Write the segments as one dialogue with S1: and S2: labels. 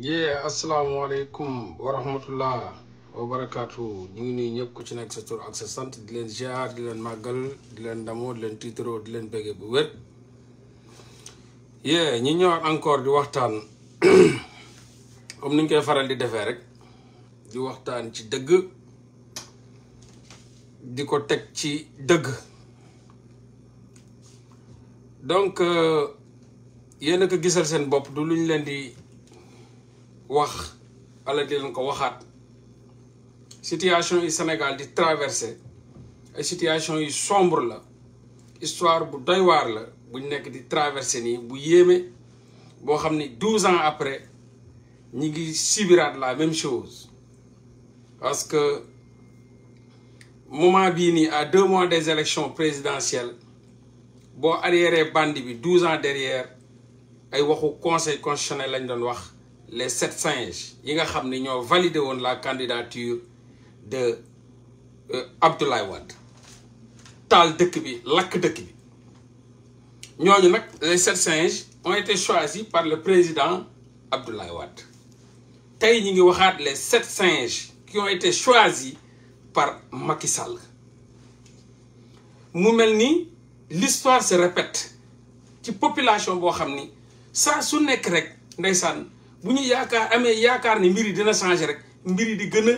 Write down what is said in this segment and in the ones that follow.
S1: yee asalaamaaleykum wa rahmatullah wa ñu ngi nuyu ñëpp ci nekk sa tur ak sant di leen ziar di leen màggal di leen damoo di leen tiitaroo di leen béggee bu wér yee ñi ñëwaat encore di waxtaan comme niñ koy faral di defee rek di waxtaan ci dëgg di ko teg ci dëgg donc euh, yéen a gisal seen bopp du luñ leen di wax ala di ko situation yi Sénégal di situation sombre la histoire bu doy waar la buñ nekk di traversé nii bu ans après ñi ngi la même chose parce que moment bii à deux mois des élections présidentielles 12 bandi bi ans derrière ay waxu conseil constitutionnel lañ doon les sept singes yi nga validé la candidature de euh, Abdoulaye Wade Tal de bi Lak dëkk bi les sept singes ont été choisis par le président Abdoulaye Wade tey ñu ngi waxaat les sept singes qui ont été choisis par Macky Sall mu l'histoire se répète ci population vous xam ça saa su nekk rek buñu ñu yaakaar amee yaakaar ni mbiri dina changer rek mbiri di gëna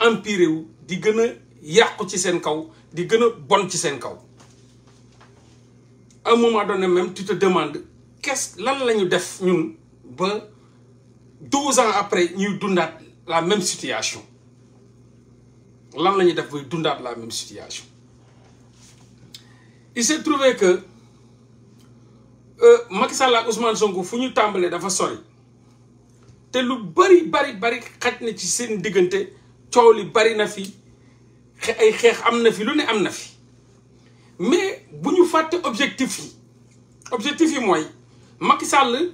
S1: a empiré wu di gëna a ci seen kaw di gëna bon ci seen kaw à un moment donné même tu te demandes qu'est-ce lan lañu def ñun ba douze ans après ñuy dundat la même situation lan lañu def ba dundat la même situation il s'est trouvé que euh, Macky Sall ak Ousmane Sonko fu ñu dafa sori te lu bari bari bari xaj na ci seen diggante coow li bari na fi ay xeex am na fi lu ne am na fi mais bu ñu fàtte objectif yi objectif yi mooy Macky Sall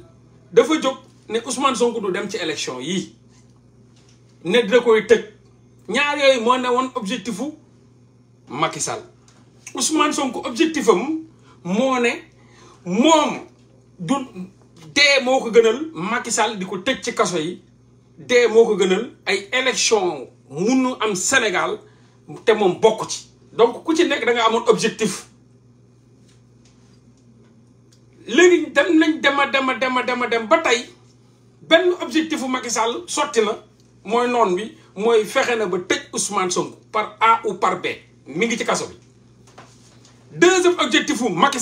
S1: dafa jóg ne Ousmane Sonko du dem ci élection yi ne da koy tëj ñaar yooyu moo ne woon objectifu Macky Sall Ousmane Sonko objectif am moo ne moom du dee moo ko gënal Macky Sall di ko tëj ci kaso yi d moo ko gënal ay élection munu am Sénégal te moom bokk ci donc ku ci nekk da amoon objectif léegi dem nañ dema dema dema dema dem ba tey benn objectifu Macky Sall sotti na mooy noon bi mooy fexe na ba tëj Ousmane Sonko par A ou par B mi ngi ci kaso bi deuxième objectif wu Macky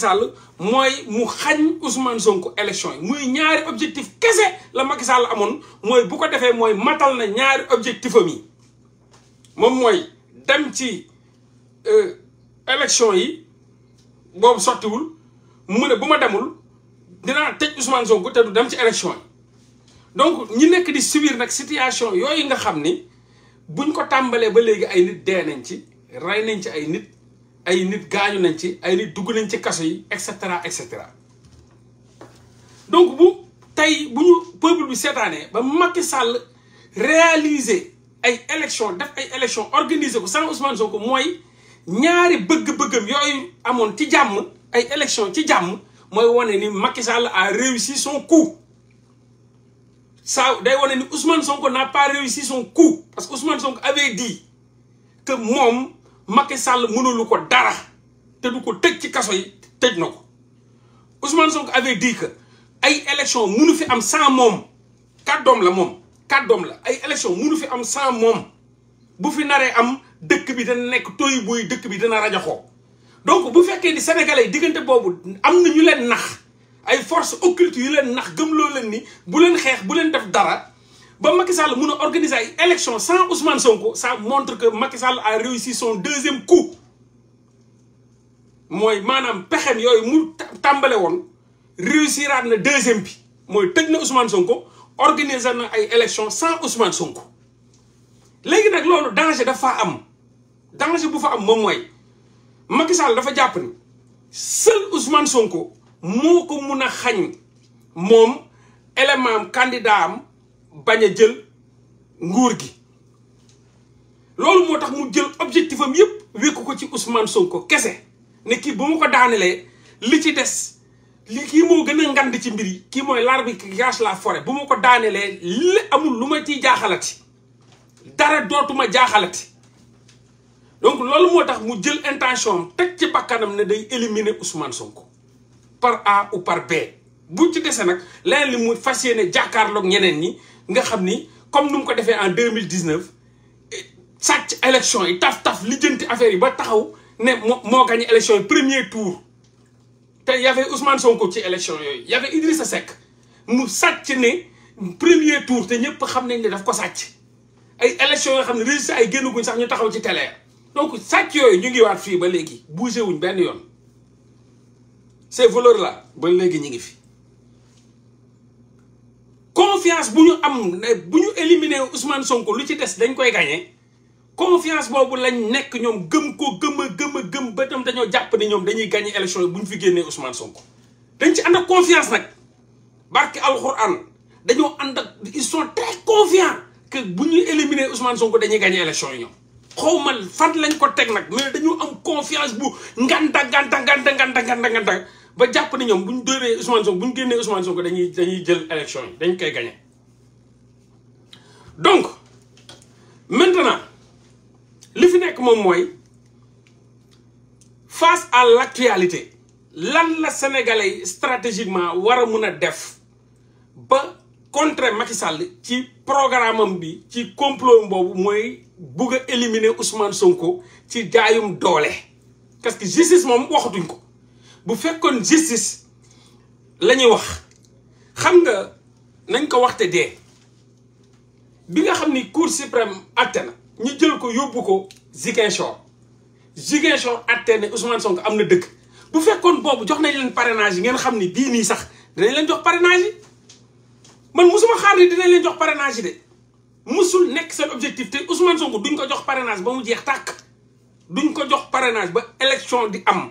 S1: mooy mu xañ Ousmane Sonko élection yi muy ñaari objectif kese la Macky Sall amoon mooy bu ko defee mooy matal na ñaari objectif am yi moom mooy dem ci euh, élection yi boobu sottiwul mu ne bu ma demul dinaa tëj Ousmane Sonko te du dem ci élection yi donc ñi nekk di subir nag situation yooyu nga xam ni buñ ko tàmbalee ba léegi ay nit dee nañ ci rey nañ ci ay nit ay nit gañu nañ ci ay nit dugg nañ ci kasso yi donc bu tay buñu peuple bi sétané ba Macky Sall réaliser ay élection def élection organiser ko sans Ousmane Sonko moy ñaari bëgg-bëggam yoy amone ci jamm ay élection ci jamm moy woné ni Macky Sall a réussi son coup ça day ni Ousmane Sonko n'a pas réussi son coup parce que Ousmane avait dit que mom Macky Sall mënulu ko dara te du ko tëj ci kaso yi tëj na ko Ousmane Sonko avait dit ay élection mënu fi am sans moom kàddoom la moom kàddoom la ay élection munu fi am sans moom bu fi naree am dëkk bi dana nekk tooy buy dëkk bi dana rajoxoo donc bu fekkee ni sénégalais diggante boobu am na ñu leen nax ay forces occultes yu leen nax gëm loo leen ni bu leen xeex bu leen def dara ba Macky Sall mun a organiser ay élection sans Ousmane Sonko ça montre que Macky Sall a réussi son deuxième coup mooy maanaam pexem yooyu mu tàmbale woon réussiraat na deuxième bi mooy tëj na Ousmane Sonko organiser na ay élection sans Ousmane Sonko léegi nag loolu danger dafa am danger bu fa am moom mooy Macky Sall dafa jàpp ni seul Sonko moo ko mun a xañ moom élément kandidaam bañ a jël nguur gi loolu moo tax mu jël objectif am yëpp wékku ko ci Ousmane ko kese ne kii bu ma ko daanelee li ci des li kii moo gën a ngand ci mbir yi kii mooy laar qui cache la fore bu ma ko daanelee li amul lu ma ciy jaaxalati dara dootuma jaaxalati donc loolu moo tax mu jël intention am teg ci bakkanam ne day éliminer Ousmane Sonko par A ou par B bu ci dese nag leneen li mu fas yéene jàkkaarloog ñeneen ñi nga xamni comme nous ko defee en 2019 mille dix neuf sàcc élection yi taf taf lijjanti affaire yi ba taxaw ne mo gagné élection premier tour. té y avait Ousmane Sonko ci élection yoy y avait Idrissa Seck mu sàcc né premier tour té ñëpp xam nañ ne daf ko sàcc ay élection yoo xamni ne résultat ay génnaguñ sax ñu taxaw ci télé. donc sàcc yoy ñu ngi waat fi ba légui bougé wuñ ben yoon ces voleurs là ba légui ñi ngi fi. confiance bu ñu am ne bu ñu éliminer Ousmane Sonko lu ci des dañ koy gagné confiance boobu lañ nekk ñoom gëm ko gëm a gëm a gëm ba tam dañoo jàpp ne ñoom dañuy gagné élection yi fi génnee Ousmane Sonko. dañ ci ànd ak confiance nag barke alxuraan dañoo ànd ak ils sont très confiants bu ñu éliminer Ousmane Sonko dañuy gagné élection yi ñoom. xaw ma fan lañ ko teg nag mais dañu am confiance bu nganta nganta nganta nganta nganta nganta ba japp ni ñom buñ ñu Ousmane Sonko buñ ñu Ousmane Sonko dañuy dañuy jël élection dañ koy gagné donc maintenant li fi nek mom moy face à l'actualité actualité lan la sénégalais stratégiquement wara mëna def ba contre Macky Sall ci programme bi ci complot bobu moy bugg éliminer Ousmane Sonko ci jaayum doolé parce que justice mom waxatuñ ko. bu fekkoon justice la wax xam nga nañ ko waxte dé bi nga xamni cour suprême atena ñu jël ko yóbbu ko Ziguinchor Ziguinchor atena Ousmane Sonko amna dëkk bu fekkoon bobu jox nañ leen parrainage ngeen xamni bi ni sax dañ leen jox parrainage man musuma xaar ni dinañ leen jox parrainage de musul nek seen objectif te Ousmane Sonko duñ ko jox parrainage ba mu jeex tak duñ ko jox parrainage ba élection di am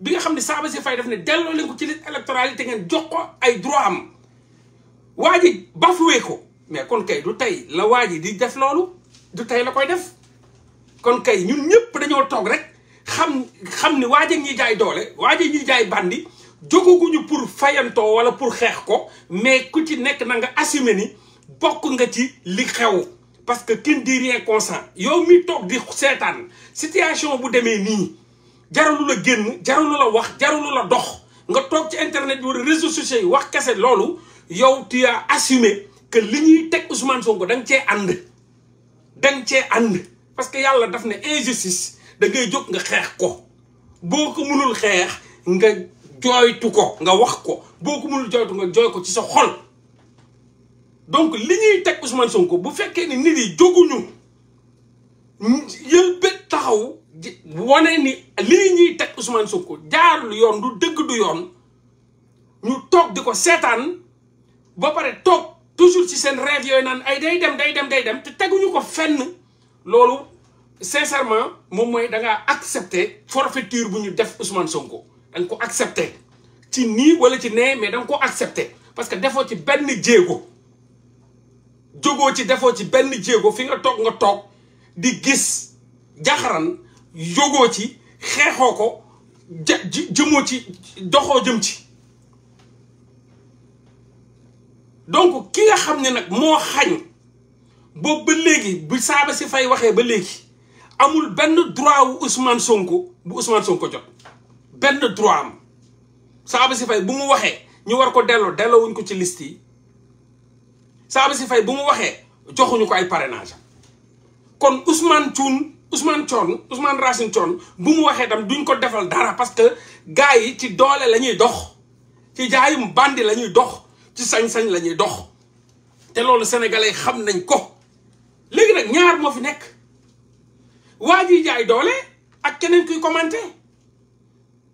S1: bi nga xam ne saaba si fay def ne delloo leen ko ci liste électorale yi te ngeen jox ko ay droit am waa ji bafuwee ko mais kon kay du tey la waa yi di def loolu du tey la koy def kon kay ñun ñëpp dañoo toog rek xam xam ni waaj ak ñuy jaay doole waaj ak ñuy jaay bandi jógaguñu pour fayantoo wala pour xeex ko mais ku ci nekk na nga assumé ni bokk nga ci li xew parce que kenn di rien consent yow mi toog di seetaan situation bu demee nii jaralu la génn jaralu la wax jaralu la dox nga toog ci internet bi wala réseaux sociaux yi wax kese loolu yow tu as assumé kë li ñuy teg Ousmane Sonko ko nga cee ànd da cee ànd parce que yàlla daf ne injustice da ngay jóg nga xeex ko boo ko mënul xeex nga jooytu ko nga wax ko boo ko mënul jooytu nga jooy ko ci sa xol donc li ñuy teg Ousmane ko bu fekkee ni nit yi jóguñu yëlbët taxaw wane ni lii ñuy teg Ousmane Sonko jaarul yoon du dëgg du yoon ñu toog di ko seetaan ba pare toog toujours ci seen rêve yooyu naan ay day dem day dem day dem te teguñu ko fenn loolu sincèrement moom mooy da ngaa accepter forfaiture bu ñu def Ousmane Sonko da nga ko accepter ci nii walla ci nee mais da ko accepter parce que defoo ci benn jéego jógoo ci defoo ci benn jéego fi nga toog nga toog di gis jaxaran yógoo ci xeexoo ko jë jëmoo ci doxoo jëm ci donc ki nga xam ne nag moo xañu boobu ba léegi bu saaba si fay waxee ba léegi amul benn droit wu Ousmane Sonko bu Ousmane Sonko jot benn droit am saaba si fay bu mu waxee ñu war ko delloo delloowuñ ko ci list yi saaba si fay bu mu waxee joxuñu ko ay parrainage kon Ousmane Thioune Ousmane Thion Ousmane Racine Thion bu mu waxee tam duñ ko defal dara parce que gars yi ci doole la ñuy dox ci jaayum bandi la ñuy dox ci sañ-sañ lañuy dox te loolu sénégalais xam nañ ko léegi rek ñaar moo fi nekk waa ji jaay doole ak keneen kuy commenté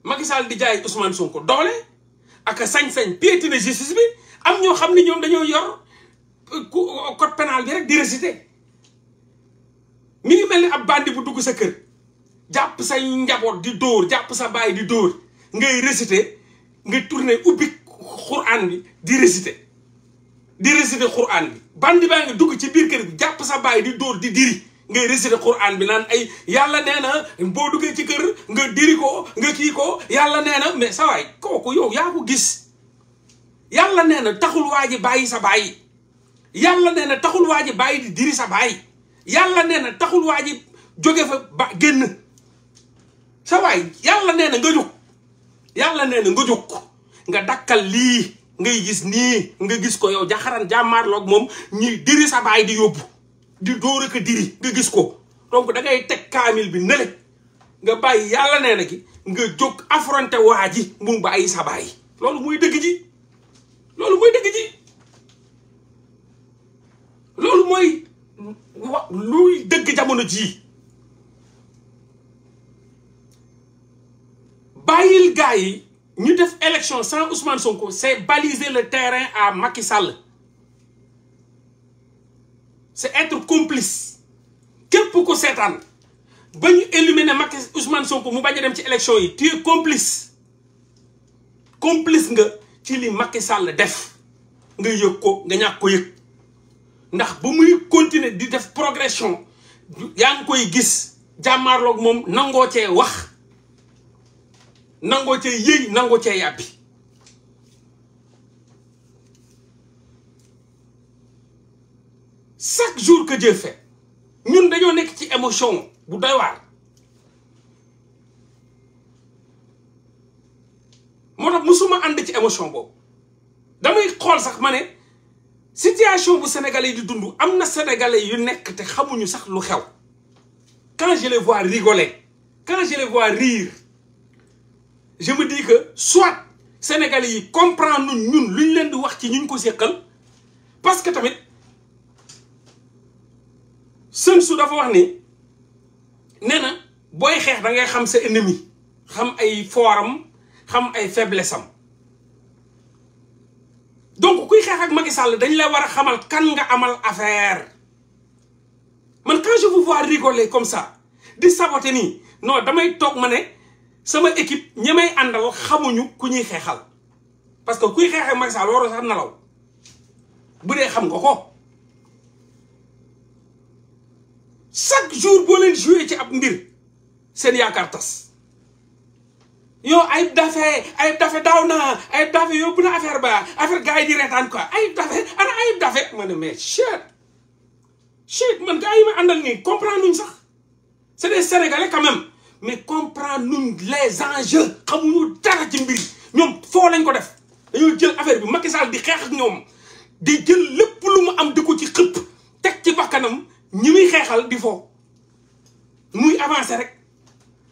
S1: Macky Sall di jaay Ousmane Sonko doole ak sañ-sañ piétiner justice bi am ñoo xam ni ñoom dañoo yor euh, code pénal bi rek di mi ngi mel ni ab bandi bu dugg sa kër jàpp sa njaboot di dóor jàpp sa baay di dóor ngay réciter nga tourner ubbi xuraan bi di réciter di réciter xuraan bi bandi baa dugg ci biir kër bi jàpp sa baay di dóor di diri ngay réciter xuraan bi naan ay yàlla nee na boo duggee ci kër nga diri ko nga kii ko yàlla nee na mais sa kooku yow yaa ko gis yàlla nee na taxul waa ji bàyyi sa baay yàlla nee na taxul waa ji bàyyi di diri sa baay yàlla nee na taxul waa ji jóge fa ba génn sa waay yàlla nee na nga jóg yàlla nee na nga jóg nga dakkal lii ngay gis nii nga gis ko yow jaxaran jàmmaarloog moom ñuy diri sa baay di yóbbu di dóor diri nga gis ko donc dangay teg kaamil bi nële nga bàyyi yàlla nee na ki nga jóg affronté waa ji mu bàyyi sa baay loolu dëgg ji loolu mooy dëgg ji loolu mooy wa luy deug jamono ji bayil gars yi ñu def élection sans Ousmane Sonko c'est baliser le terrain à Macky Sall c'est être complice képp ko sétane Si nous éliminer Macky Ousmane Sonko mu baña dem ci élection yi tu es complice complice nga ci li Macky Sall def nga yëg nga ko ndax ba muy continuer di def progression yaa ngi koy gis jàmmaarloog moom nangoo cee wax nangoo cee yëy nangoo cee yàbbi chaque jour que jël fait ñun dañoo nekk ci émotion bu doy waar moo tax musuma ànd ci émotion boobu damay xool sax ma ne situation bu sénégalais yi sénégalais yu quand je les vois rigoler quand je les vois rire je me dis que soit sénégalais comprennent nous ñun nous leen di wax ci ñu parce que tamit sou dafa wax ni da ennemi xam faiblesse donc kuy xeex ak Macky Sall dañ la war a xamal kan nga amal affaire man quand je vous vois rigoler comme sa di saboter nii non damay toog ma ne sama équipe ñi may xamuñu ku ñuy xeexal parce que kuy xeex ak Macky waroo sax nelaw bu dee xam nga ko chaque jour boo leen joué ci ab mbir seen yaakaar tas Yo, Ayib dafé, Ayib dafé dawna Ayib affaire ba affaire di quoi ana mais shit shit man gars yi ma nous ça. comprendre c'est des sénégalais quand même mais comprends-nous les enjeux xamuñu dara ci mbir fo lañ ko def dañu jël affaire bi Macky di ak ñom di jël lepp lu mu am di ci xëpp ci di muy avancer rek.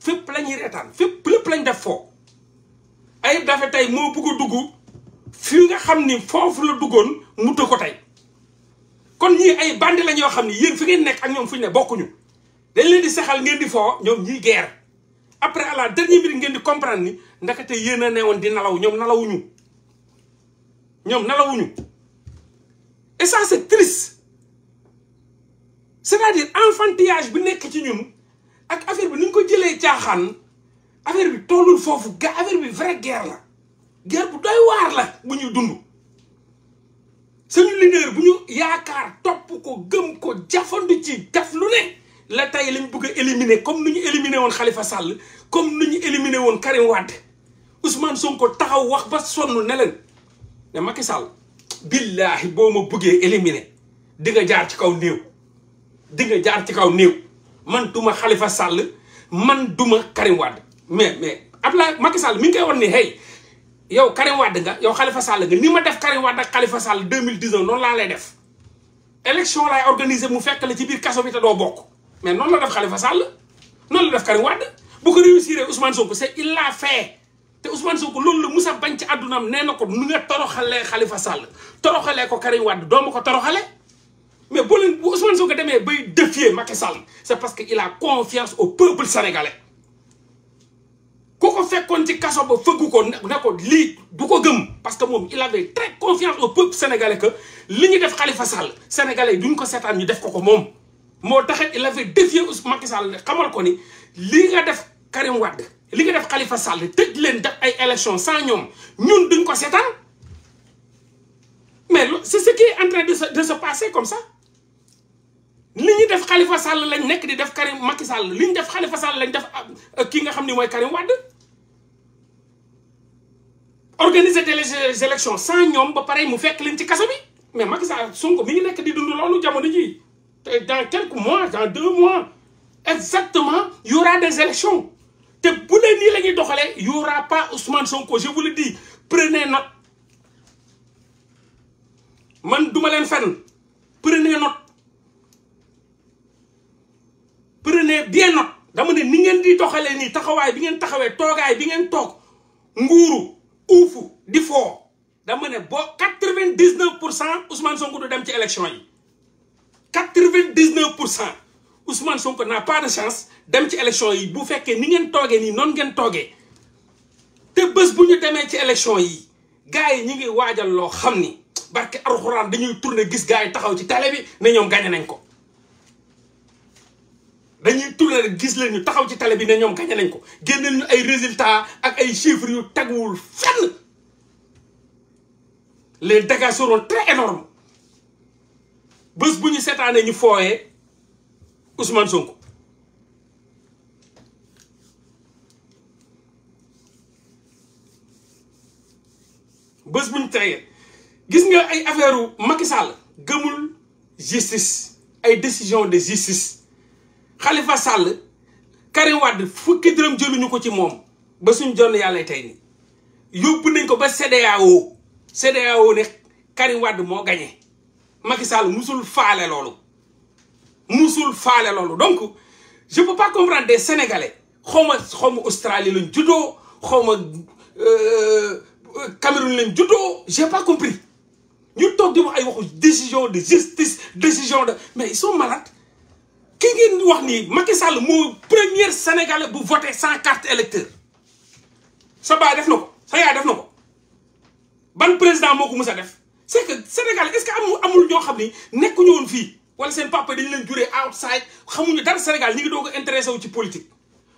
S1: fépp la ñuy reetaan fépp lépp lañ def foo ay Daffé tey moo bugg a dugg fi nga xam ni foofu la duggoon mu ko tey kon ñii ay bandi la ñoo xam ni yéen fi ngeen nekk ak ñoom fu ñu ne bokkuñu dañ leen di saxal ngeen di foo ñoom ñiy guerre après à la dernière minute ngeen di comprendre ni ndakate yéen a newoon di nalaw ñoom nalawuñu ñoom nalawuñu et ça c'est triste c'est-à-dire enfantillage bi nekk ci ñun ak affaire bi ni ñu ko jëlee caaxaan affaire bi tollul foofu ga affaire bi vraie guerre la guerre bu doy waar la bu ñuy dund suñu leader bu ñu yaakaar topp ko gëm ko jafandu ci def lu ne la tey lañ bëgg a comme nu ñu éliminer woon xalifa sàll comme nu ñu éliminer woon Karim Wade Ousmane Sonko taxaw wax ba sonn ne leen ne Macky Sall billaahi boo ma bëggee éliminer di nga jaar ci kaw néew dinga nga jaar ci kaw néew man duma xalifa Sall man duma Karim Wade mais mais Abdoulaye Macky Sall mi ngi koy wan ni hey yow Karim Wade nga yow Khalifa Sall nga ni ma def Karim Wade ak Khalifa Sall 2019 noonu laa lay def élection laay organiser mu fekk la ci biir kaso bi te mais noonu la def Khalifa Sall noonu def Karim Wade bu ko réussir Ousmane Sonko c'est il l'a fait te Ousmane ko loolu la Moussa bañ ci àdduna nee na ko nu nga toroxalee xalifa Sall toroxalee ko Karim Wade doo ma ko toroxale mais boo leen bu Ousmane Sonko demee bay défier Macky Sall C'est parce qu'il a confiance au peuple sénégalais ku ko fekkoon ci kaso ba fëggu ko ne ko lii ko gëm parce que il avait très confiance au peuple sénégalais que li ñu def Khalifa Sall sénégalais duñ ko seetaan ñu def ko ko il avait défié Macky Sall xamal ko ni li nga def Karim Wade li nga def Khalifa Sall tëj leen def ay élections sans ñoom ñun duñ ko seetaan mais c'est ce qui est en train de se de se passer comme ça liñu def Khalifa Sall lañ nek di def Karim Macky Sall def Khalifa Sall lañ def euh, ki nga xamni moy Karim Wade organiser les élections sans ñom ba pare mu fekk liñ ci kaso bi mais Macky Sall Sonko mi ngi nekk di dund lolu jamono ji te dans quelques mois dans deux mois exactement il y aura des élections te bu le ni la ñuy il y aura pas Ousmane Sonko je vous le dis prenez note man duma len fenn prenez note prenez bien note dama ne ni ngeen di doxalee nii taxawaay bi ngeen taxawee toogaay bi ngeen toog nguuru uufu di foo dama ne boo quatre-vingt-dix-neuf pour cent Ousmane Sonko dem ci élection yi quatre-vingt-dix-neuf pour cent Ousmane Sonko n'a pas de chance dem ci élection yi bu fekkee ni ngeen toogee nii noonu ngeen toogee te bés bu ñu demee ci élection yi gars yi ñu ngi waajal loo xam ni barke alxuraan dañuy tourner gis gars yi taxaw ci télé bi ne ñoom gagné nañ ko dañuy tule rek gis leen ñu taxaw ci tale bi ne ñoom gañe nañ ko génneel ñu ay résultats ak ay chiffres yu teguwul fenn les dégâts seront très énormes bés bu ñu seetaanee ñu fooyee Ousmane Sonko bés bu ñu tegee gis nga ay affaire u Macky Sall gëmul justice ay décision de justice Khalifa Sall Karim Wade fukki dërëm jëluñu ko ci mom ba suñu jonne yalla tay ni yobbu nañ ko ba CDAO CDAO ne Karim Wade mo gagné Macky Sall musul faalé loolu musul faalé loolu donc je peux pas comprendre des sénégalais xawma xawma Australie lañ judo xawma euh, euh, Cameroun lañ juddoo j'ai pas compris ñu tok di wax ay waxu décision de justice décision de mais ils sont malades ki ngeen wax ni Macky Sall moo premier sénégalais bu voter sans carte électeur Ça va def na ça sa yaay def na ban président moo ko def c'est que Sénégal est-ce que amul amul ñoo xam ni nekkuñu woon fii wala seen papa dañu leen juree outside xamuñu dans Sénégal ñi ngi intéressé wu ci politique.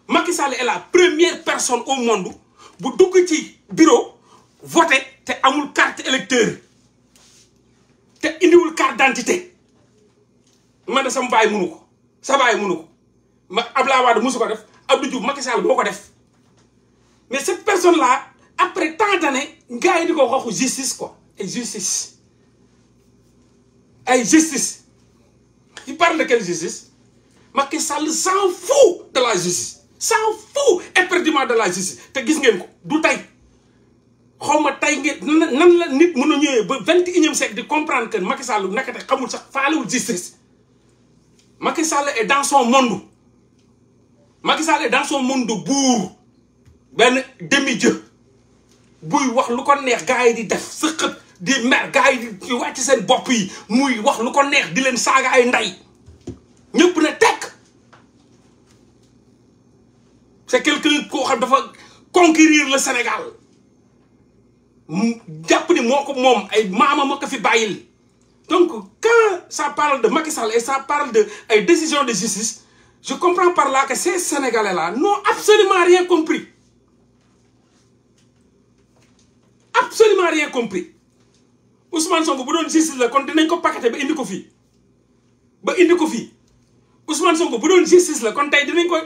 S1: Macky Sall est la première personne au monde bu dugg ci bureau voter te amul carte électeur te une carte d'identité man de sama baay mënu sa baay mënu ko ma Abdoulaye Wade mosu ko def Abdou Diouf Macky Sall moo ko def mais cette personne là après temps d'années gars yi di ko waxu justice quoi ay justice ay justice il parle de quelle justice Macky Sall s'en fout de la justice s'en fout éperdument de la justice te gis ngeen ko du tey xaw ma tey ngeen nan la nit mën a ñëwee ba vingt et unième di comprendre que Macky Sall naka te xamul sax faalewul justice Macky Sall est dans son monde Macky Sall est dans son monde buur ben demi-dieu buy wax lu ko neex gaay di def sëqët di mer gaay yi di wàcc sen bop yi muy wax lu ko neex di len saga ay nday. Ñepp na tek. c'est quelqu'un ko xam dafa conquérir le Sénégal Japp ni moko mom ay mama mako fi bayil. Donc, quand ça parle de Macky Sall et ça parle de euh, décision de justice, je comprends par là que ces Sénégalais-là n'ont absolument rien compris. Absolument rien compris. Ousmane Sonko bu une justice la kon dinañ ko paqueté ba indi ko ba indi ko Ousmane Sonko bu justice la kon tey ko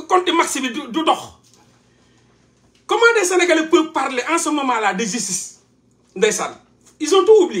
S1: compte de bi de dox comment des Sénégalais peuvent parler en ce moment là de justice ils ont tout oublié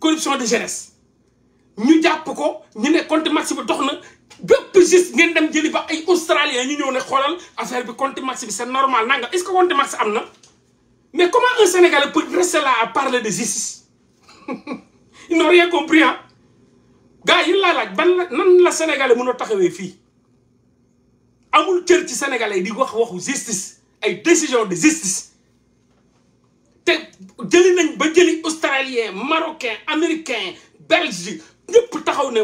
S1: corruption de jeunesse ñu jàpp ko ñu ne compte max bi dox na bépp gis ngeen dem jëli ba ay australien ñu ñëw ne xoolal affaire bi compte max bi c'est normal nanga est-ce que compte max am mais comment un sénégalais peut rester là à parler de justice ils n'ont rien compris Hein? gars yi laa laaj ban la nan la sénégalais mën a taxawee fii amul cër ci sénégalais di wax waxu justice ay décision de justice jëli nañ ba jëli australien marocain américain belge ñëpp ne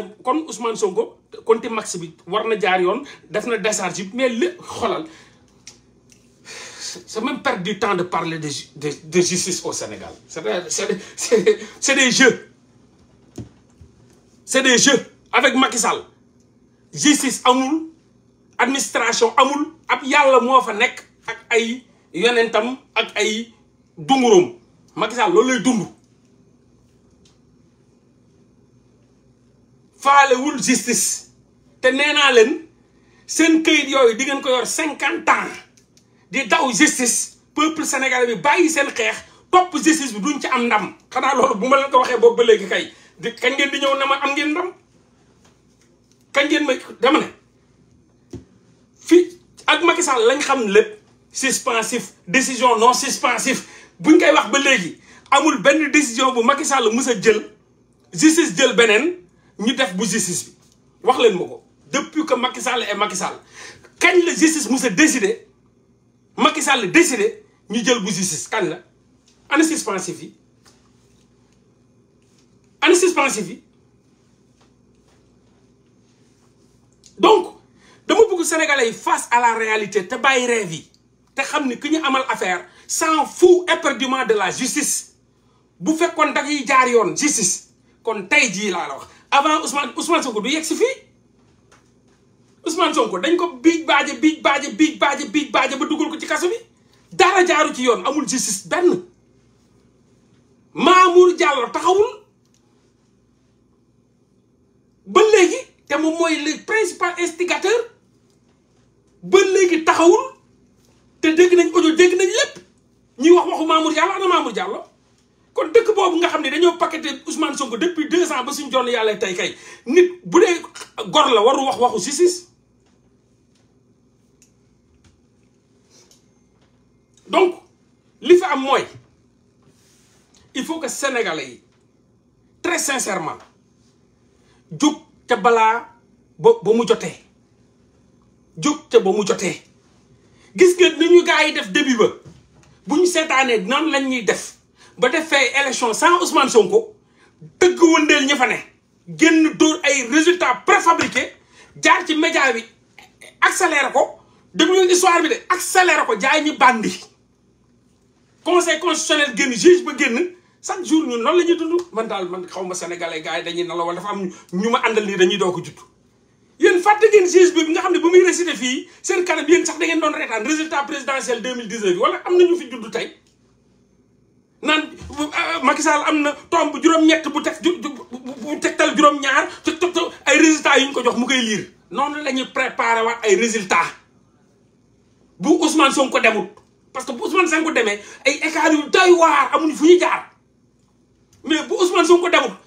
S1: Ousmane Sonko ti max bi war na jaar yoon def na mais le... c'est même perdre du temps de parler de justice au Sénégal c'est des jeux c'est des jeux avec Macky Sall justice amul administration amul ab yalla mo fa nek ak ay yonentam ak ay dungurum Macky Sall loolu lay dund faalewul justice te nee naa leen seen këyit yooyu di ngeen ko yor cinquante ans di daw justice peuple sénégalais bi bàyyi seen xeex topp justice bi duñ ci am ndam xanaa loolu bu ma leen ko waxee boobu ba léegi kay di kañ geen di ñëw ne ma am ngeen ndam kañ ngeen ma dama ne fii ak Macky Sall lañ xam lépp suspensif décision non suspensif buñ koy wax ba amul décision bu Macky Sall justice jël Benen ñu def bu justice wax depuis que Macky est Macky Sall kañ justice Macky Sall décidé ñu jël bu justice la yi yi donc dama bëgg sénégalais face à la réalité te rêve te xam ni ki ñu amal affaire s'en fout éperdument de la justice bu fekkoon da jaar yoon justice kon tey jii laa la wax avant Ousmane Ousmane Sonko du yegg si fii Ousmane ko dañ ko biij baaje biij baaje biij baaje biij baaje ba dugal ko ci kaso bi dara jaaru ci yoon amul justice benn Mamour Diallo taxawul ba léegi te moom mooy le principal instigateur ba léegi taxawul te dégg nañ audio dégg nañ lépp ñi wax waxu Mamour Diallo ana Mamour Diallo kon dëkk boobu nga xam ne dañoo paqueté Ousmane Sonko depuis deux ans ba suñ jonn yàlla tey kay nit bu dee gor la waru wax waxu justice donc li fi am mooy il faut que sénégalais yi très sincèrement jóg te balaa ba ba mu jotee jóg te ba mu jotee gis nga ni ñu gars yi def début ba bu ñu seetaanee noonu lañ ñuy def ba def fay élection sans Ousmane Sonko dëgg wëndeel ña fa ne génn dóor ay résultats préfabriqués jaar ci média bi accéléré ko déglu histoire bi de accéléré ko jaay ñi bandi conseil constitutionnel génn juge ba génn chaque jour ñun loolu la ñuy dund man daal man xaw ma sénégalais gars yi dañuy nalaw dafa am ñu ma àndal nii dañuy doog a judd yéen fàtte ngeen juge bi nga xamné bu muy récité fi sen kanam yeen sax da ngeen don reetaan résultat présidentiel 2019 wala am na ñu fi judd tay nan euh, Macky Sall am na tomb ñett bu teg bu tektal juróom-ñaar ay résultats yu ñu ko jox mu koy lire noonu la préparer préparé ay résultats bu Ousmane Sonko demut parce que bu Ousmane Sonko démé ay écart yu doy war amuñu fuñu jaar mais bu Ousmane Sonko demut.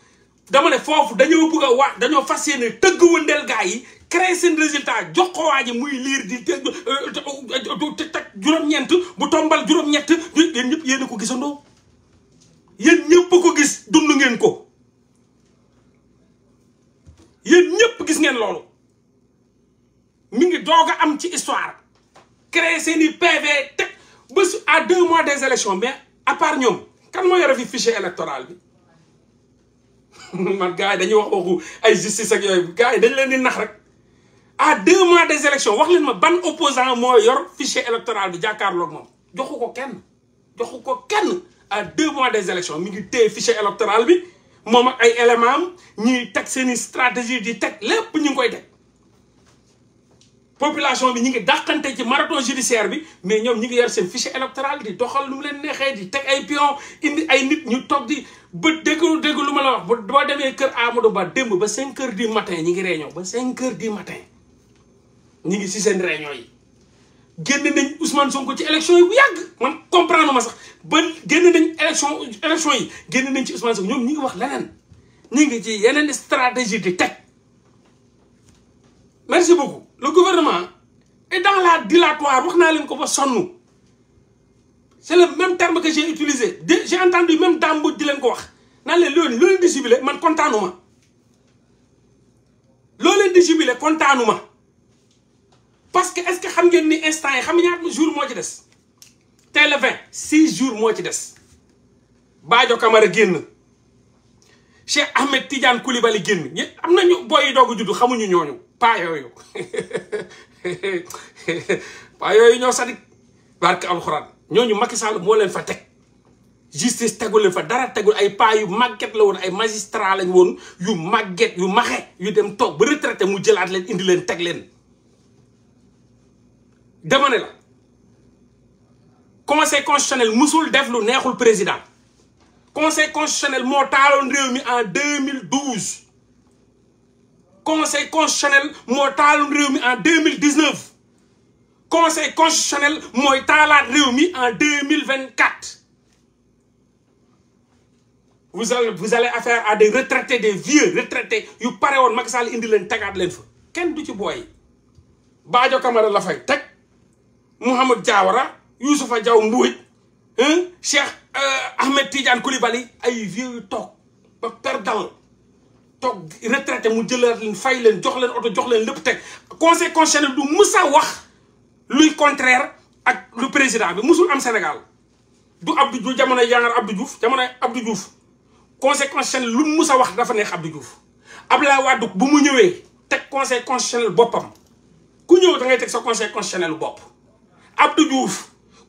S1: dama ne fofu dañoo bëgg wa waa dañoo fas yéene tëgg wëndeel yi créer seen résultat jox ko waaji muy lire di euh, teg teg ñent bu tombal juróom-ñett yeen ñep yeen ko gisandoo yeen ñep ko gis dund ngeen ko yeen ñep gis ngeen loolu mi ngi doga am ci histoire créer seen i PV teg ba à deux mois des élections mais à part ñom kan mo yore fi fichier électoral bi. man gars yi dañuy wax waxu ay justice ak yooyu gars yi dañ leen di nax rek à deux mois des élections wax leen ma ban opposant moo yor fichier électoral bi jàkkaarloog moom joxu ko kenn joxu ko kenn a deux mois des élections mi ngi téye fichier électoral bi moom ak ay élément am ñuy teg seen i stratégie di teg lépp ñu ngi koy teg population bi ñi ngi dàqante ci marathon judiciaire bi mais ñom ñi ngi yar seen fichier électoral di doxal lu mu leen nexé di tek ay pion indi ay nit ñu tok di ba déglu déglu lu ma la wax ba boo demee kër Amadou Ba démb ba 5 h du matin ñi ngi réunion ba 5 h du matin ñi ngi ci seen réunion yi. génn nañ Ousmane Sonko ci élection yi bu yagg man comprendre ma sax ba génn nañ élection élection yi génn nañ ci Ousmane Sonko ñom ñi ngi wax leneen ñi ngi ci yeneen stratégie di tek merci beaucoup. le gouvernement est dans la dilatoire C'est ko le même terme que j'ai utilisé j'ai entendu même Dame di leen ko wax naan leen loolu loo leen man kontaanuma loo leen parce que est ce que xam ngeen ni instant yi xam nga jour moo ci des tey le 20, 6 jours moo ci des Badio Camara Cheikh Ahmed Tidiane Koulibaly génn ñi am nañu booy yi doog a juddu xamuñu ñooñu paa yooyu ñoo sa ñoo barke alcorane ñoo ñu Sall mo leen fa tek justice tagul leen fa dara tagul ay paa yu la woon ay magistrat lañ woon yu magget yu maxe yu dem tok ba retraité mu jëlat leen indi leen tek leen demane la conseil constitutionnel musul def lu neexul président conseil constitutionnel mo taaloon réew mi en 2012 conseil constitutionnel mortal a en 2019. conseil constitutionnel mortal réuni en 2024. vous allez affaire à des retraités des vieux retraités yu parlez woon Macky Sall indi leen ce leen fa kenn du ci booy Badio Camara la Diawara Youssoufa Diaw hein, Cheikh euh, Ahmed Tidjan Koulibaly ay vieux yu toog toog retraité mu jëlaat leen fay leen jox leen auto jox leen lépp teg conseil constitutionnel du mus wax luy contraire ak lu président bi musul am Sénégal du Abdou Diouf jamono yangar Abdou Diouf jamono Abdou Diouf conseil constitutionnel lu mus wax dafa neex Abdou Diouf Abdoulaye Wade bu mu ñëwee teg conseil constitutionnel boppam ku ñëw da ngay teg sa conseil constitutionnel bopp Abdou Diouf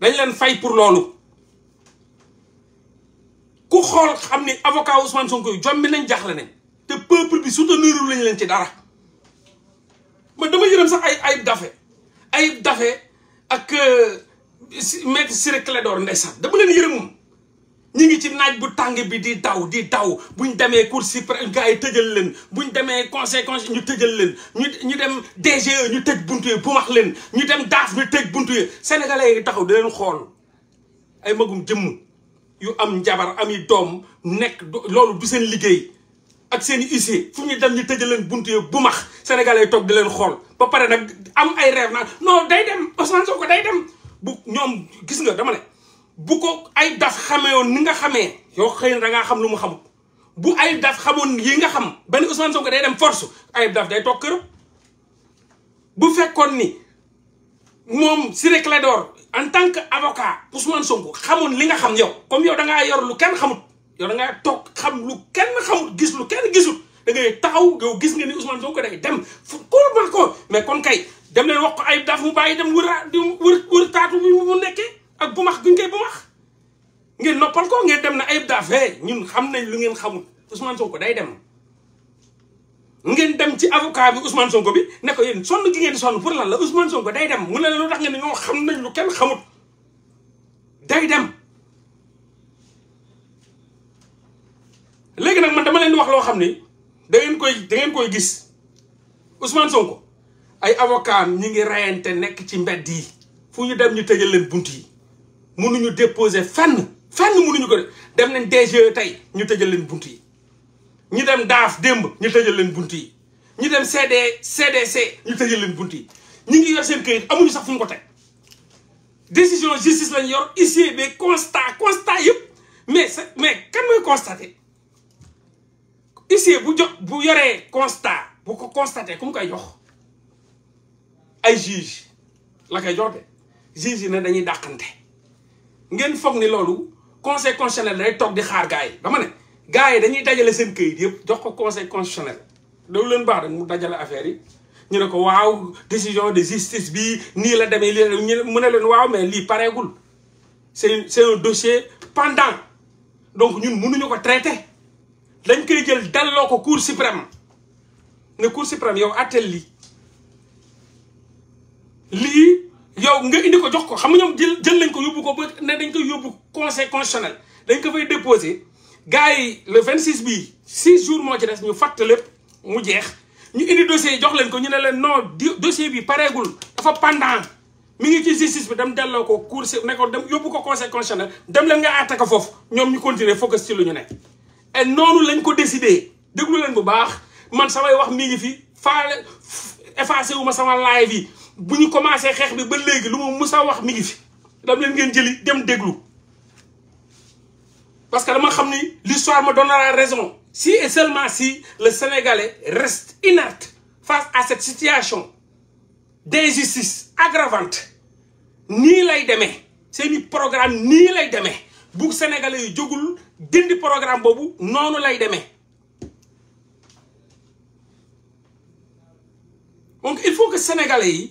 S1: dañ leen fay pour loolu ku xool xam ni avocat Ousmane Sonko yu jommi nañ jaxle ne te peuple bi soutenirul lañ leen ci dara man dama yërëm sax ay ay dafe ay dafe ak euh, maître Ciré Clédor ndeysaan dama leen yërëmum ñu ngi ci naaj bu tàng bi di daw di daw buñ demee cour suprême gars yi tëjal leen buñ demee conséquence ñu tëjël leen ñu ñu dem DGE ñu tëj buntu yi bu wax leen ñu dem daaf ñu tëj buntu yi sénégalais yi taxaw di leen xool ay magum jëmm yu am njabar ami doom nekk loolu du seen liggéey ak seen huissier fu ñu dem ñu tëjël leen buntu yi bu max sénégalais toog di leen xool ba pare nag am ay reer naan non day dem Ousmane Sonko day dem bu ñoom gis nga dama ne bu ko ay daf xamee woon ni nga xamee yow xëy na ngaa xam lu mu xamut bu ay daf xamoon yi nga xam ba ni Ousmane Sonko day dem force ay daf day toog këram bu fekkoon ni moom Ciré Clédor en tant que avocat Ousmane Sonko xamoon li nga xam yow comme yow da ngaa kenn xamut yow da ngaa toog xam lu kenn xamut gis lu kenn gisul da ngay taxaw yow gis nga ni Ousmane Sonko day dem fu ko mais kon kay dem leen wax ko ay daf mu bàyyi dem wër wër wër taatu mu nekkee. ak bu max guñ koy bu max ngeen noppal ko ngeen dem na ayib daafee ñun xam nañ lu ngeen xamul Ousmane Sonko day dem ngeen dem ci avocat bi Ousmane Sonko bi ne ko yéen gi ngeen sonn pour lan la Ousmane Sonko day dem mu ne la lu tax ngeen ne ñoo xam nañ lu kenn xamut day dem. léegi nag man dama leen di wax loo xam ni da koy dangeen koy gis Ousmane Sonko ay avocat ñu ngi rayante nekk ci mbedd yi fu ñu dem ñu tëjal leen bunt yi. mënuñu déposer fan fenn mënuñu ko dem nañ DGE tey ñu tëjal leen bunt yi ñu dem DAF démb ñu tëjal leen bunt yi ñu dem CD CDC ñu tëjal leen bunt yi ñu ngi yor seen këyit amuñu sax fu ñu ko teg décision justice lañ yor huissier bi constat constat yëpp mais mais kan mooy constaté huissier bu jox bu yoree constat bu ko constaté ku mu jox ay juge la koy jox de juge yi ne dañuy dàqante ngeen foog ni loolu conseil constitutionnel day toog di xaar gars yi dama ne gars yi dañuy dajale seen këyit yëpp jox ko conseil constitutionnel loolu leen baax rek mu dajale affaire yi ñu ne ko waaw décision de justice bi nii la demee lii ñu mu ne leen waaw mais lii pareegul c'est c'est un dossier pendant donc ñun mënuñu ko traité dañ koy jël delloo ko cour suprême ne cour suprême yow attel lii lii yow nga indi ko jox ko xam ñoom jël jël nañ ko yóbbu ko ba ne dañ koy yóbbu conseil constitutionnel dañ ko fay déposé gars yi le 26 bii 6 jours moo ci des ñu fàtt lépp mu jeex ñu indi dossier jox leen ko ñu ne leen non dossier bi pareegul dafa pendant mi ngi ci justice bi dem delloo ko cour ne ko dem yóbbu ko conseil constitutionnel dem leen nga àtte ko foofu ñoom ñu continuer focus ci lu ñu nekk. et noonu lañ ko décidé déglu leen bu baax man samay wax mi ngi fi faale effacé wu ma sama live bi Si nous commençons à faire des choses, nous ne musa wax mi ngi fi dam parce que l'histoire me donnera raison si et seulement si le Sénégalais reste inerte face à cette situation d'injustice aggravante ni l'aide lay c'est le programme ni lay Si le Sénégalais yu pas le programme non noonu lay donc il faut que Sénégalais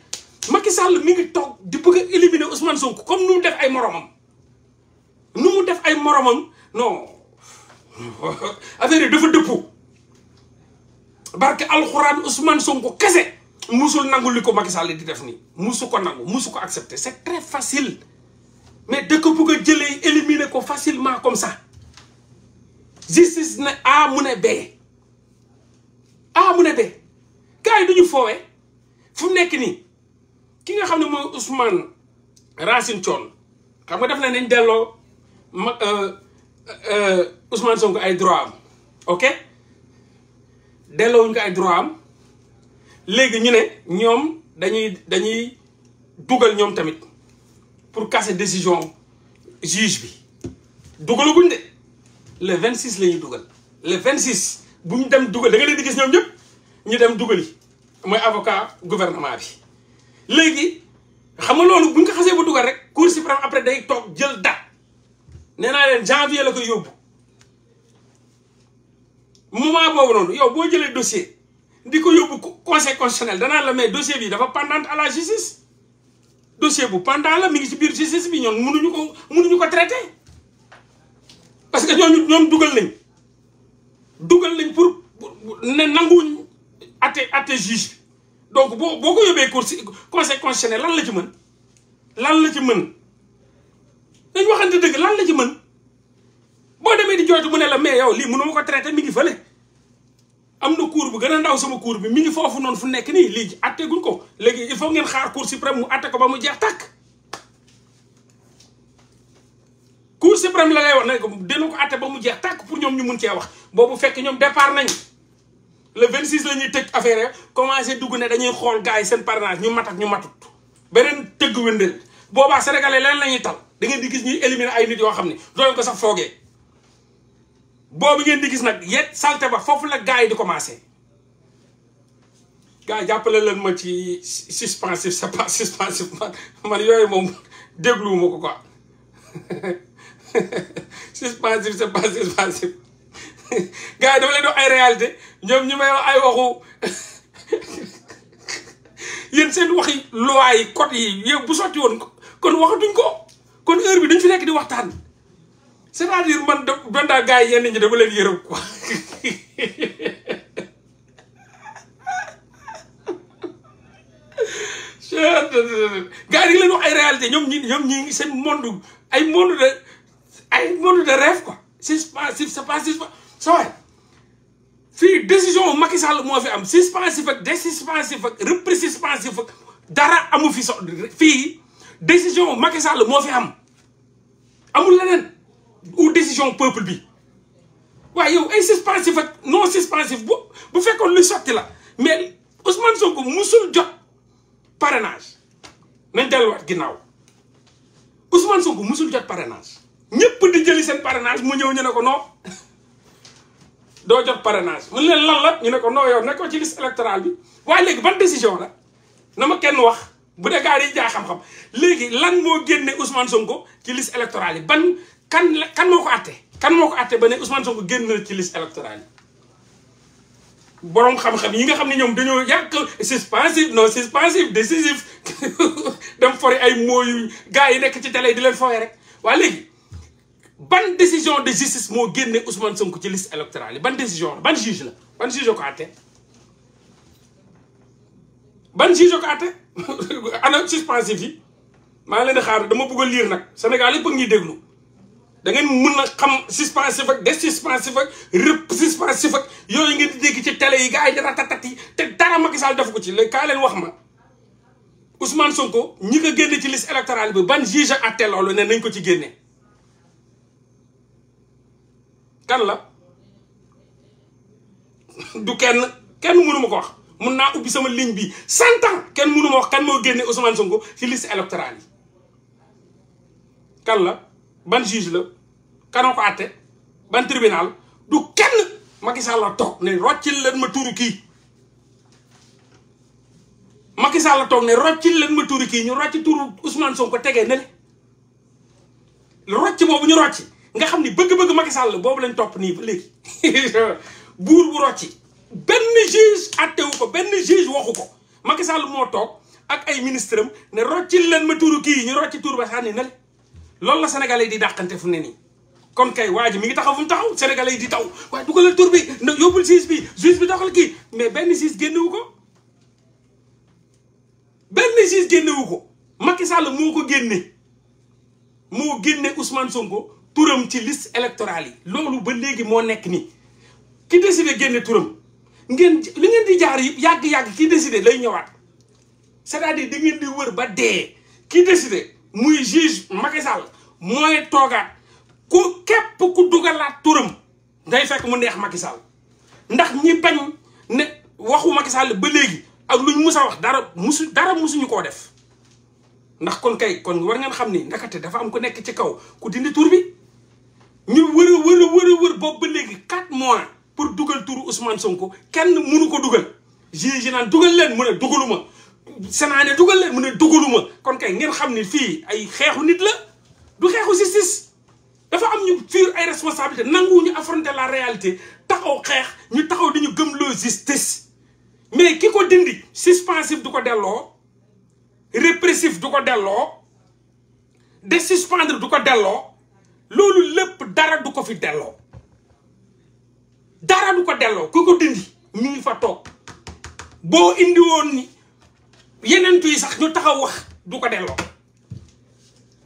S1: Macky Sall mi ngi toog di bëgg a éliminer Ousmane Sonko comme nu mu def ay moromam nu mu def ay moromam non affaire yi dafa dëppu barke alxuraan Ousmane Sonko kese musul nangu li ko Macky Sall di def nii musu ko nangu musu ko accepter c'est très facile mais da ko bëgg a jëlee éliminer ko facilement comme sax justice ne A mu ne B A mu ne B gars yi duñu foowee fu nekk nii. ki nga xam ne mooy Ousmane Racine Thion xam nga def na nañ delloo ma euh, euh, Ousmane Sonko ay droit am ok delloowuñ ko ay droit am léegi ñu ne ñoom dañuy dañuy dugal ñoom tamit pour casser décision juge bi dugalaguñ de le 26 la ñuy dugal le vingt 26 bu ñu dem dugal da nga leen di gis ñoom ñëpp ñu dem dugali mooy avocat gouvernement bi. léegi xam nga loolu bu ñu ko xasee ba dugal rek si suprême après day toog jël date nee naa leen janvier la ko yóbbu moment boobu noonu yow boo jëlee dossier di ko yóbbu conseil constitutionnel danaa la mais dossier bi dafa pendant à la justice dossier bu pendant la mi ngi si biir justice bi ñoom mënuñu ko mënuñu ko traité parce que ñooñu ñoom dugal nañ dugal nañ pour ne nanguwuñ atte atte juge donc boo boo ko yóbbee cour si conseil constitutionnel lan la ci mën lan la ci mën dañ waxante dëgg lan la ci mën boo demee di jooytu mu ne la mais yow lii mënu ma ko traité mi ngi fële am na cour bu gën a ndaw sama cour bi mi ngi foofu noonu fu nekk nii lii atteguñ ko léegi il faut ngeen xaar cour suprême mu atte ko ba mu jeex tàkk cour suprême la lay wax ne ko dina ko atte ba mu jeex tàkk pour ñoom ñu mun cee wax boobu fekk ñoom départ nañ le 26 la ñuy tëj affaire commencé dugg ne dañuy xool gars yi seen parrainage ñu mat ak ñu matut beneen tëgg wëndeel boobaa sénégalais leen la ñuy tal da ngeen di gis ñuy éliminer ay nit yoo xam ne doo ko sax foogee boobu ngeen di gis nag yet salte ba foofu la gars yi di commencé. gars yi jàppale leen ma ci suspensif c'est pas suspensif man man yooyu moom dégluwuma ko quoi suspensif c'est pas suspensif. gars yi dama leen wax ay réalité ñoom ñu may wax ay waxu yéen seen waxi loi yi code yi bu sotti woon kon waxatuñ ko kon heure bi dañ fi nekk di waxtaan c'est-à-dire man de bandaa gars yi yenn ñi dama leen yërëm quoi gars yi leen wax ay réalité ñoom ñi ñoom ñi seen monde ay monde de ay monde de rêve quoi c'est pas c'est pas vrai. si la décision Macky Sall est fi am suspensif ak désuspensif ak représsuspensif ak dara amu fi so décision Macky Sall fi am amul leneen ou décision peuple bi wa yow ay suspensif ak non suspensif bu fekkone fekkoon lu sotti la mais Ousmane Sonko musul jot parrainage del delluwaat ginnaaw Ousmane Sonko musul jot parrainage ñepp di jëli sen parrainage mu ñew ñu ko non. doo jot parrainage mun leen lan la ñu ne ko non yow nekkoo ci liste électorale bi waaye léegi ban décision la na ma kenn wax bu dee gars yi jaay xam-xam léegi lan moo génne Ousmane Sonko ci liste électorale yi ban kan kan moo ko àtte kan moo ko àtte ba ne Ousmane Sonko génn na ci liste électorale yi boroom xam-xam yi nga xam ne ñoom dañoo yàq suspensif non suspensif décisif dem fori ay mooyu gars yi nekk ci télé di leen fooye rek waa léegi ban décision de justice moo génne Ousmane Sonko ci liste électorale yi ban décision la ban juge la ban juge ko àtte ban juge ko àtte ana suspensif yi maa leen di dama bëgg a lire nag Sénégal yëpp a ngi déglu da ngeen mën a xam suspensif ak des suspensif ak rëpp suspensif ak yooyu ngeen di dégg ci télé yi gars yi ratatat yi te dara Macky Sall def ko ci léegi kaa leen wax ma Ousmane Sonko ñi ko génne ci liste électorale bi ban juge àtte loolu ne nañ ko ci génne. kan la du kenn kenn mënu ko wax mun naa ubbi sama ligne bi cent kenn mënu wax kenn moo génne Ousmane Sonko ci liste électorale yi kan la ban juge la kanoo ko àtte ban tribunal du kenn Macky Sall la toog ne roccil leen ma tuuru kii Macky la toog ne roccil leen ma tuuru kii ñu rocc tuuru Ousmane Sonko tegee ne le rocc boobu ñu rocc nga xam ni bëgg-bëgg Macky Sall boobu lañ topp nii ba léegi buur bu rocci benn juge attewu ko benn juge waxu ko Macky Sall moo toog ak ay ministre am ne roccil leen ma tuuru kii ñu rocci tuur ba sànni na loolu la sénégalais di dàqante fu ne nii kon kay waa ji mi ngi taxaw fu mu taxaw sénégalais yi di taw waaye dugalal tur bi na yóbbul juge bi juge bi doxal kii mais benn juge génnewu ko benn juge génnewu ko makki sàll moo ko génne moo génne Ousmane Sonko turam ci liste électorale yi loolu ba légui mo nek ni ki décider génne turam ngeen li ngeen di jaar yag yag ki décider lay ñëwaat c'est-à-dire di ngeen di wër ba dé ki décider muy juge Macky Sall moy toogaat ku képp ku dugalaat turam ngay fekk mu neex Macky Sall ndax ñi bañ ne waxu Macky Sall ba légui ak luñu mësa wax dara musu dara musuñu koo def ndax kon kay kon war ngeen xamni ni dafa am ku nek ci kaw ku dindi tour bi ñu wër a wër a wër a wër boobu ba léegi quatre mois pour dugal tour turu Ousmane ko kenn mënu ko dugal juge naan dugal leen mun ne dugaluma Sénat ne dugal leen mu ne dugaluma kon kay ngeen xam ni fii ay xeexu nit la du xeexu justice dafa am ñu fiir ay responsabilité nangu ñu affronter la réalité taxaw xeex ñu taxaw di ñu gëm loo mais ki ko dindi suspensif du ko delloo répressif du ko delloo de suspendre du ko delloo loolu lepp dara du ko fi delloo dara du ko delloo ku ko dindi ñu ngi fa tok bo indi won ni yeneen yi sax ñu taxaw wax du ko delloo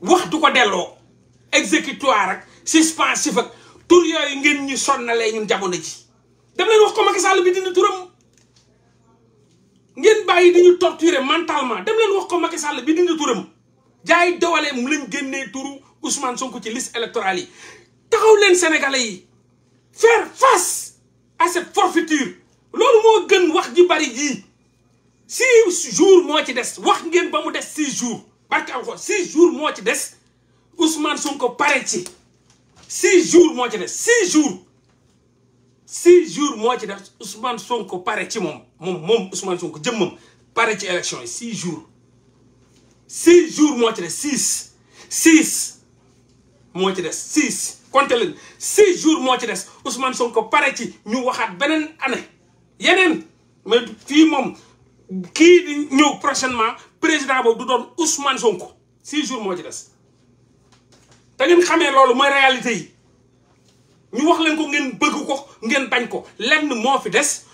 S1: wax du ko delloo exécutoire ak suspensif ak tour yoy ngeen ñu sonnalee ñun jamono ci dem leen wax ko Macky Sall bi dindi turam ngeen bayyi di torturer mentalement dem leen wax ko Macky Sall bi dindi turam jaay mu lañu genné turu Ousmane Sonko ci liste électorale taxaw sénégalais faire face à cette forfaiture L'homme mo gën wax 6 jours moitié 6 jours 6 jours Ousmane Sonko paré 6 jours moitié ci 6 jours 6 jours moitié Ousmane Sonko paré ci mom Ousmane Sonko paré 6 jours 6 jours moitié. 6 6 6 des six six jours moo Ousmane Sonko pare ci ñu benen année mais mon qui nous prochainement président Ousmane Sonko six jours des ngeen réalité ñu wax fait ko ngeen bëgg ko ngeen bañ ko lenn fi des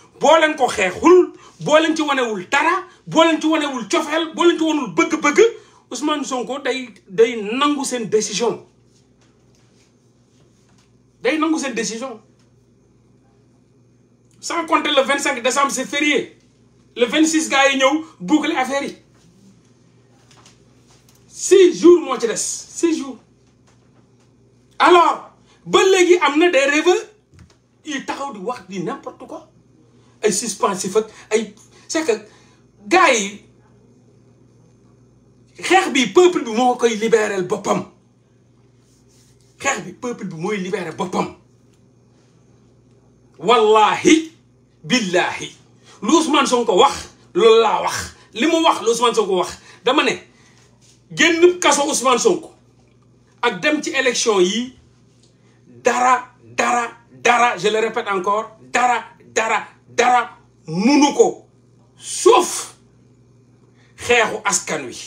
S1: ko ci Ousmane Sonko day day nangu décision day nangu sen décision sans compter le 25 décembre c'est férié le 26 gars yi venu boucler affaire yi six jours moi ci jours alors ba vous avez des rêves, Il taxaw di wax di n'importe quoi ay suspensif ak ay c'est que gars yi xeex bi peuple bi moo koy libéral bopam. Le peuple peuple bi libère libéré bopam wallahi billahi L'Ousmane Sonko wax loolu laa wax li l'Ousmane wax l'Ousmane Sonko wax dama ne A Ousmane Sonko ak dem ci élection dara dara dara je le répète encore dara dara dara munu ko sauf xeexu askan wi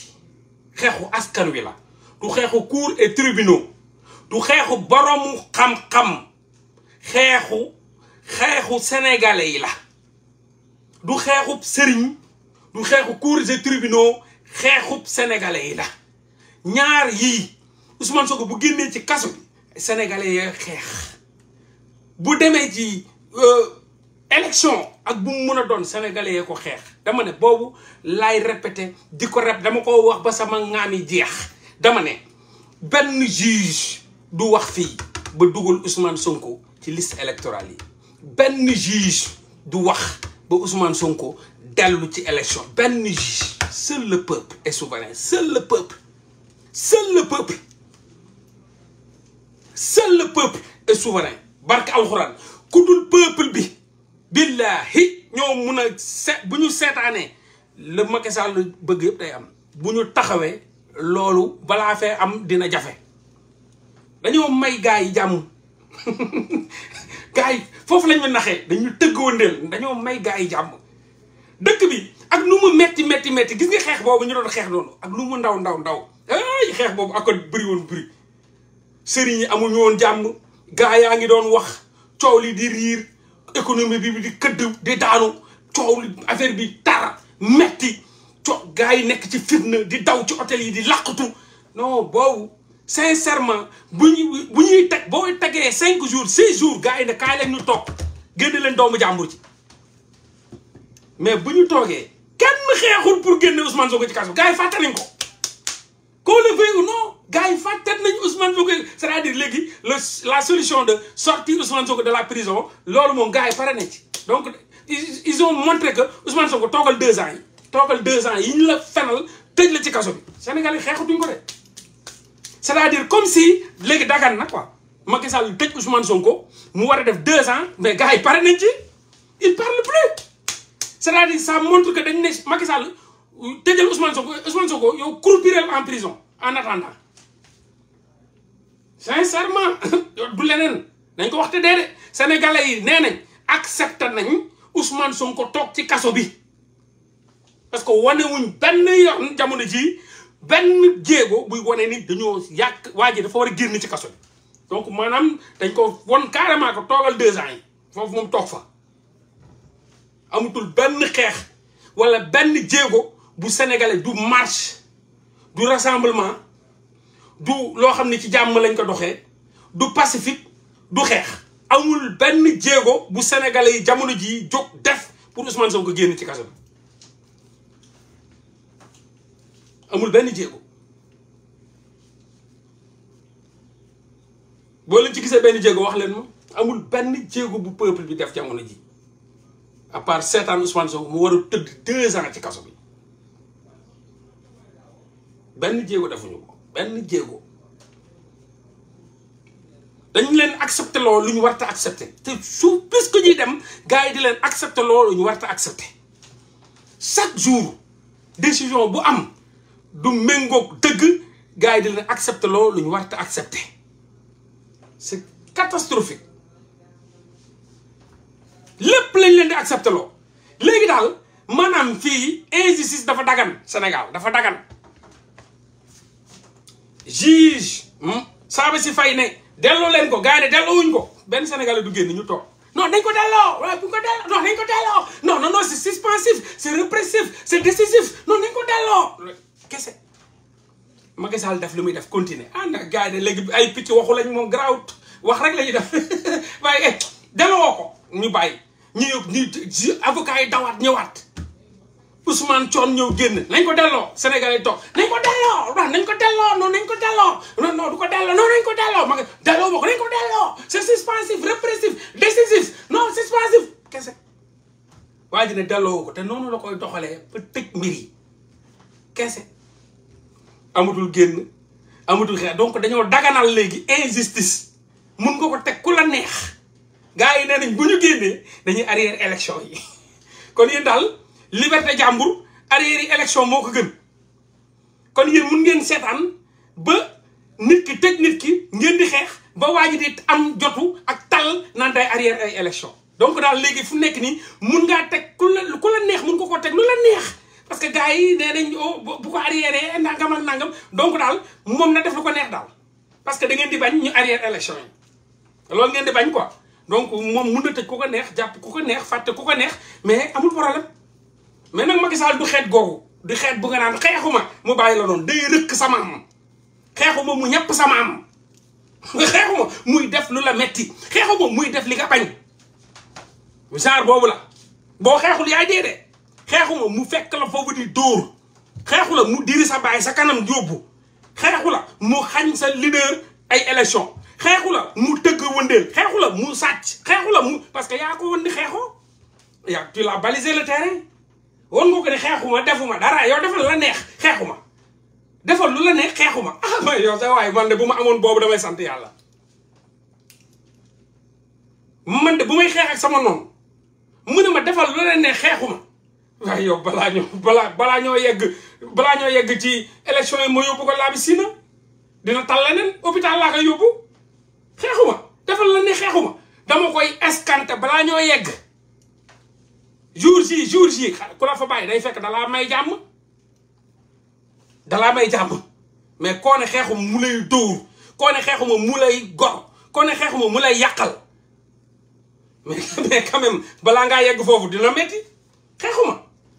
S1: xeexu askan wi la du cour et tribunaux du xeexu boroomu xam-xam xeexu xeexu sénégalais yi la du xeexu sëriñ du xeexu cours et xeexu xeexub yi la ñaar yii Ousmane ko bu génnee ci kaso bi sénégalais yooyu xeex bu demee ci euh, élection ak bu mu mën a doon sénégalais yee ko xeex dama ne boobu lay répété di ko rep dama ko wax ba sama ŋaami jeex dama ne benn juge du wax fi ba dugal Ousmane Sonko ci liste électorale yi ben juge du wax ba Ousmane Sonko dellu ci élection ben juge seul le peuple est souverain seul le peuple seul le peuple seul le peuple est souverain barka alxuraan kudul peuple bi billahi ñoo mëna buñu sétané le ñu Macky Sall bëgg yëpp day am buñu taxawé taxawee loolu balaa fee am dina jafe dañoo may gaa yi jàmm gaa yi foofu lañ ma naxee dañu tëgg wëndeel dañoo may gaa yi jàmm dëkk bi ak lu mu metti metti metti gis nga xeex boobu ñu doon xeex noonu ak lu mu ndaw ndaw ndaw ay xeex boobu akon bëri woon bëri sëriñ yi amuñu woon jàmm gaa yaa ngi doon wax coow li di riir économie bi di këdd di daanu coow li bi tar metti coow gaa yi nekk ci fitna di daw ci hôtel yi di làqatu non boobu sincèrement si vous 5 jours 6 jours gars kaay ñu mais si vous kenn pour génne Ousmane Sonko ci fait gars de ko. le veuille ou non gars il Ousmane c'est-à-dire que la solution de sortir Ousmane Sonko de la prison c'est ce gars donc ils ont montré que Ousmane Sonko toogal deux ans a deux ans il la fait, la ci fait Sénégal ko c'est-à-dire comme si léegi dagan na quoi Macky Sall tëj Ousmane Sonko mu a def deux ans mais gars il pare nañ ci il parle plus c'est-à-dire ça montre que dañ ne Macky Sall euh, tëjal Ousmane Sonko Ousmane Sonko yow croupirel en prison en attendant sincèrement du leneen dañ ko waxté dédé, de sénégalais yi nénañ accepter accepté nañ Ousmane Sonko tok ci kasso bi parce que wane wuñ ben yoon jamono jii benn jéego buy wane ni dañoo yàq waa ji dafa war a génn ci kaso bi donc maanaam dañ ko won carrément ko toogal deux ans yi foofu moom toog fa amutul benn xeex walla benn jéego bu sénégalais du marche du rassemblement du loo xam ne ci jàmm lañ ko doxee du pacifique du xeex amul benn jéego bu sénégalais yi jamono jii jóg def pour Ousmane ko génn ci kaso bi amul benn jéego boole leen ci gisee benn jéego wax leen ma amul benn jéego bu peuple bi def jamono ji à part seetaan Ousmane mu war tëdd deux ans ci kaso bi benn jéego defuñu ko benn jéego dañu leen accepté loolu lu ñu war ta accepté te su plus que ñuy dem gars yi di leen accepté loolu ñu war ta accepté chaque jour décision bu am du méngoog dëgg gars yi di leen accepté loolu lu ñu war te accepté c'est catastrophique lépp lañ leen di accepté loo léegi daal maanaam fii injustice dafa dagan Sénégal dafa dagan juge hmm, saaba si fay ne delloo leen ko gars yi ne delloowuñ ko benn Sénégalais du génn ñu toog non dañ ko delloo waaye bu ko delloo non dañ ko delloo non non non c'est suspensif c'est répressif c'est décisif non dañ ko delloo kese Macky def lu muy def continuer ah nag gars yi de léegi ay picc waxu lañ moom garaawut wax rek la ñuy def waaye eh, delloo ko ñu bàyyi ñu ñu avocat yi dawaat ñëwaat Ousmane Thion ñëw génn nañ ko delloo Sénégal yi toog nañ ko delloo waaw nañ ko delloo noonu nañ ko delloo non non ko delloo non ko delloo ma delloo boo ko nañ ko delloo c'est suspensif répressif décisif kese waa ji ne delloo ko te noonu la koy doxalee ba tëj mbir yi kese amatul génn amatul xeex donc dañoo daganal léegi injustice mun nga ko teg ku la neex gars yi nee nañ bu ñu génnee dañuy arrière élection yi kon yéen daal liberté jàmbur arrière yi élection moo ko gën kon yéen mun ngeen seetaan ba nit ki tëj nit ki ngeen di xeex ba waa ji di am jotu ak tal naan day arrière ay donc daal léegi fu nekk nii mun ngaa teg ku la ku la neex mun ko ko teg lu la neex parce que gars yi nee nañ oh, bu ko arrière nangam ak nangam donc daal moom na def lu ko neex daal parce que da di bañ ñu arrière élection yi loolu ngeen di bañ ko donc moom mun na tëj ku ko neex jàpp ku ko neex fàtte ku ko neex mais amul problème mais nag Macky Sall du xeet googu du xeet bu nga naan xeexuma mu bàyyi la noonu day rëkk sama am xeexuma mu ñàpp sama am nga xeexuma muy def lu la metti xeexuma muy def li nga bañ genre boobu la boo xeexul yaay dee xeexuma mu fekk la foofu di dóor xeexu la mu diri sa baay sa kanam yóbbu xeexu la mu xañ sa leader ay élection xeexu la mu tëgg wëndeel xeexu la mu sàcc xeexu la mu parce que yaa ko woon ni xeexoo yaa tu l'as balisé terrain woon nga ko ne xeexuma ma dara yow defal la neex xeexuma defal lu la neex xeexu ah, ma yow sa waaye man de bu amoon boobu damay sant yàlla man de bu may xeex ak sama noonu mu ne ma defal lu la neex xeexuma waaye yow balaa ñoo balaa balaa ñoo yegg balaa ñoo yegg ci élection yi ma yóbbu ko laabi sina dina tal leneen hôpital laa koy yóbbu xeexuma defal la ne xeexuma dama koy escanté balaa ñoo yegg jour ji jour ji ku la fa bàyyi day fekk dalaa may jàmm dalaa may jàmm mais koo xeexuma mu lay dóor koo ne xeexuma mu lay gor koo xeexuma mu lay yàqal mais mais balaa ngaa yegg foofu dina metti xeexuma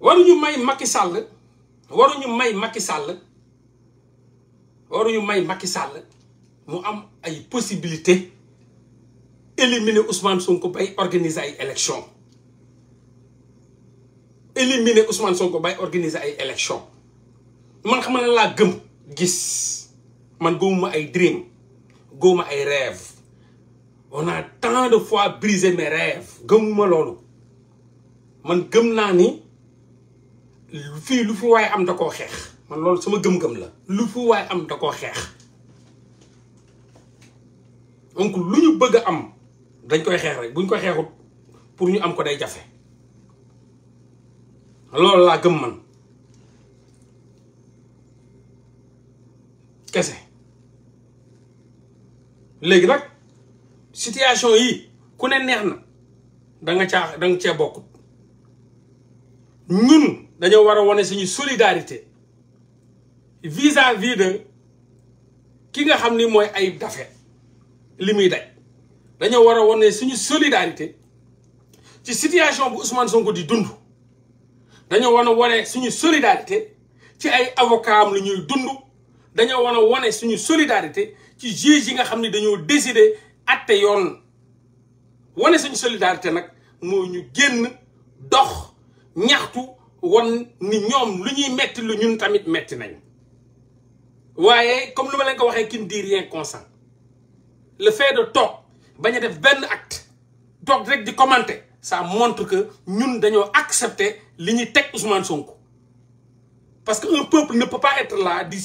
S1: waruñu may Macky Sall waruñu may Macky Sall waruñu may Macky Sall mu am ay possibilité éliminer Ousmane Sonko bay organiser ay élection éliminer Ousmane Sonko bay organiser ay élection man xam na laa gëm gis man gëmuma ay dream gëmuma ay rêve on a tant de fois brisé mais rêves gëmuma loolu man gëm naa ni fii lu fi waay am da koo xeex man loolu sama gëm-gëm la lu fi waay am da koo xeex donc lu ñu bëgg a am dañ koy xeex rek buñ ko xeexut pour ñu am ko day jafe loolu laa gëm man kese léegi nag situation yi ku ne neex na danga caa da nga cee bokkut ñun Nous war a wane solidarité vis-à-vis de ki nga xam ni ay daj wane suñu solidarité ci situation bu Ousmane Sonko di dund dañoo war wane suñu solidarité ci ay avocat am lu ñuy dund wane suñu solidarité ci juge yi nga xam ni dañoo décider yoon wane suñu solidarité nag ñu génn dox ñaxtu won ni ñoom lu ñuy tamit metti nañ comme lu ma ko dit rien le fait de faire acte commenter ça montre que nous devons accepter li ñuy nous Ousmane Sonko parce que le peuple ne peut pas être là di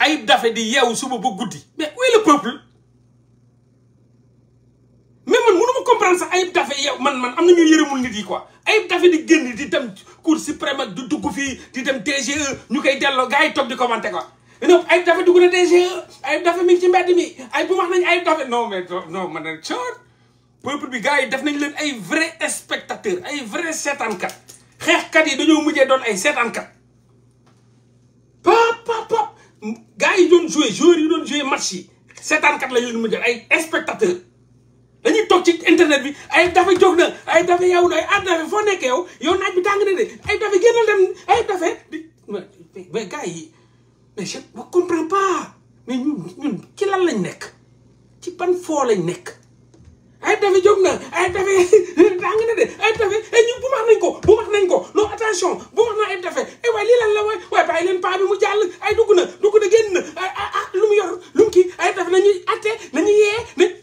S1: mais où est le peuple mais man mënu ma comprendre ça. de man man ñu quoi ay fait des génn di dem cour suprême ak du dugg di dem DGE ñu koy delloo gars di des quoi. non ay dafa na DGE ay dafa mi ci mi ay bu nañ ay non mais non man na peuple gars def nañ leen ay vrai spectateur ay vrai yi ay 74. pop pop pop gars yi doon ils yi doon joué match yi lañ leen ay spectateur dañuy toog ci internet bi ay dafe jóg na ay dafe yow na ay at dafe foo nekkee yow na de ay dafe génnal dem ay dafe di yi mais ne ci lan lañ nekk ci foo lañ nekk ay dafe jóg na ay de ay dafe ay eh, ñu bu max nañ ko bu max nañ ko non attention bu max na ay dafe ay eh, waay lii lan la waay waay bàyyi leen paa bi mu jàll ay dugg na dugg na génn na ah, ah yor lu mu ay dafe nañuy atte nañu yee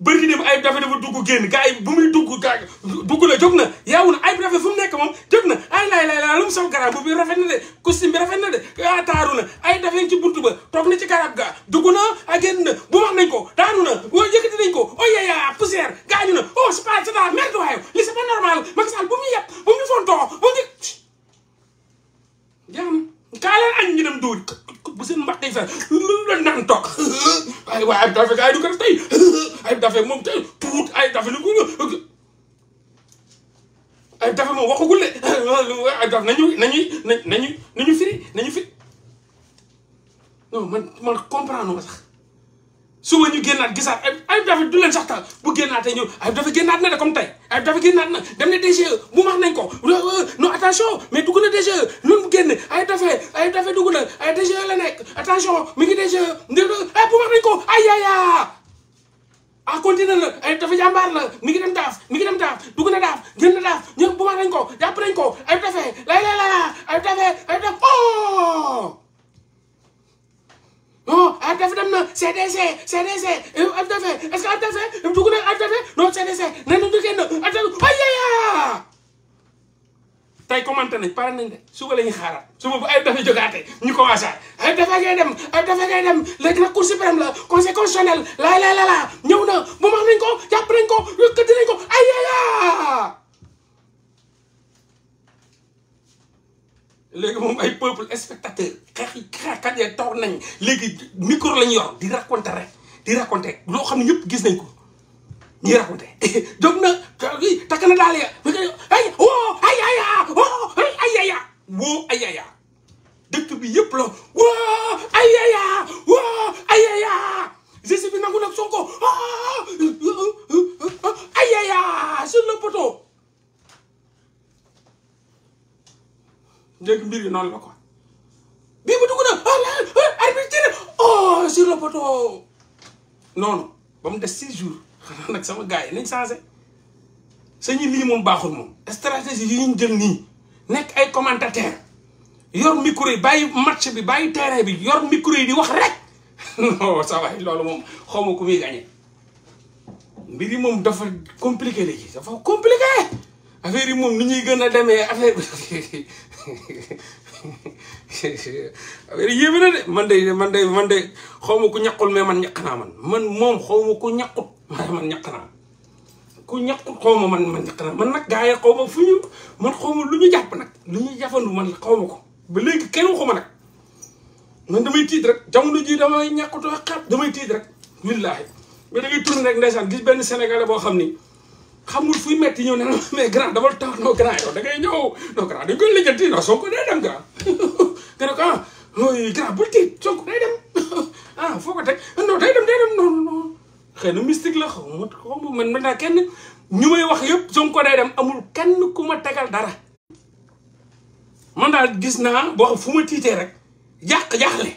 S1: bëri ci ay Ayib Daffé dafa dugg génn gars bu muy dugg gaa dugg la jóg na yaawu na Ayib Daffé fu mu nekk moom jóg na ay laay laay laay lu mu sol garab bi rafet na de costume bi rafet na de ah taaru na Ayib Daffé ci buntu ba toog na ci garab ga mum te baaxul moom stratégie yi ñu jël nii nekk ay commentateur yor micro yi bàyyi match bi bàyyi terrain bi yor micro yi di wax rek non ça va loolu moom xaw ma ku muy gagné mbir yi moom dafa compliqué léegi dafa compliqué affaire yi moom ni ñuy gën a demee affaire bi affaire yi yéeme na de man de man de man de xaw ma ko ñaqul mais man ñaq naa man man moom xaw ma ko ñaqut man ñaq naa. ku ñàkk xaw ma man man ñàkk na man nag gars yi xaw ma fu ñu man xaw lu ñu jàpp nag lu ñu jafandu man xaw ma ko ba léegi kenn waxuma nag man damay tiit rek jamono ji damay ñàkkutoo xaat damay tiit rek wallaahi mais da ngay tourné rek ndeysaan gis benn sénégalais boo xam ne la mais grand dama tax non grand yow da ngay ñëw non grand dañ koy lijjanti non Sonko day dem nga nga ne ko ah grand bul tiit Sonko day dem ah foo ko teg non day dem day xëy na mystique la xaw man xaw ma man maintenant kenn ñu may wax yëpp Sonko day dem amul kenn ku ma tegal dara. man daal gis naa boo xam fu ma tiitee rek jàq jaaxle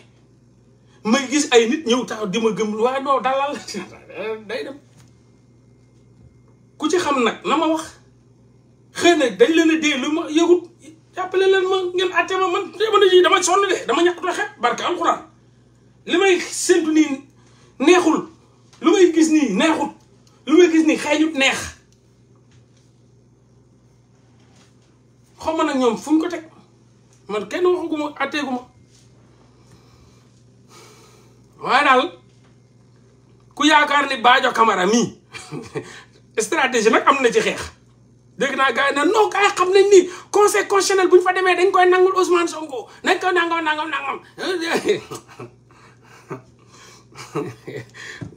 S1: ma gis ay nit ñëw taxaw di ma gëm waaye day dem ku ci xam nag na ma wax xëy na dañ leen a dee lu ma yëgut jàppale leen ma ngeen àtte ma man jamono dama sonn de dama ñàkkut a xeeb barke alxuraan li may séntu nii neexul. lu may gis nii neexut lu may gis nii xeeñut neex xaw ma nag ñoom fu ko teg man kenn waxaguma àtteeguma waaye daal ku yaakaar ni baajo Camara mii stratégie nag am na ci xeex dégg naa gars yi na non gars yi xam nañ ni koo constitutionnel bu ñu fa demee dañ koy nangul Ousmane Sonko nañ ko nangam nangam nangam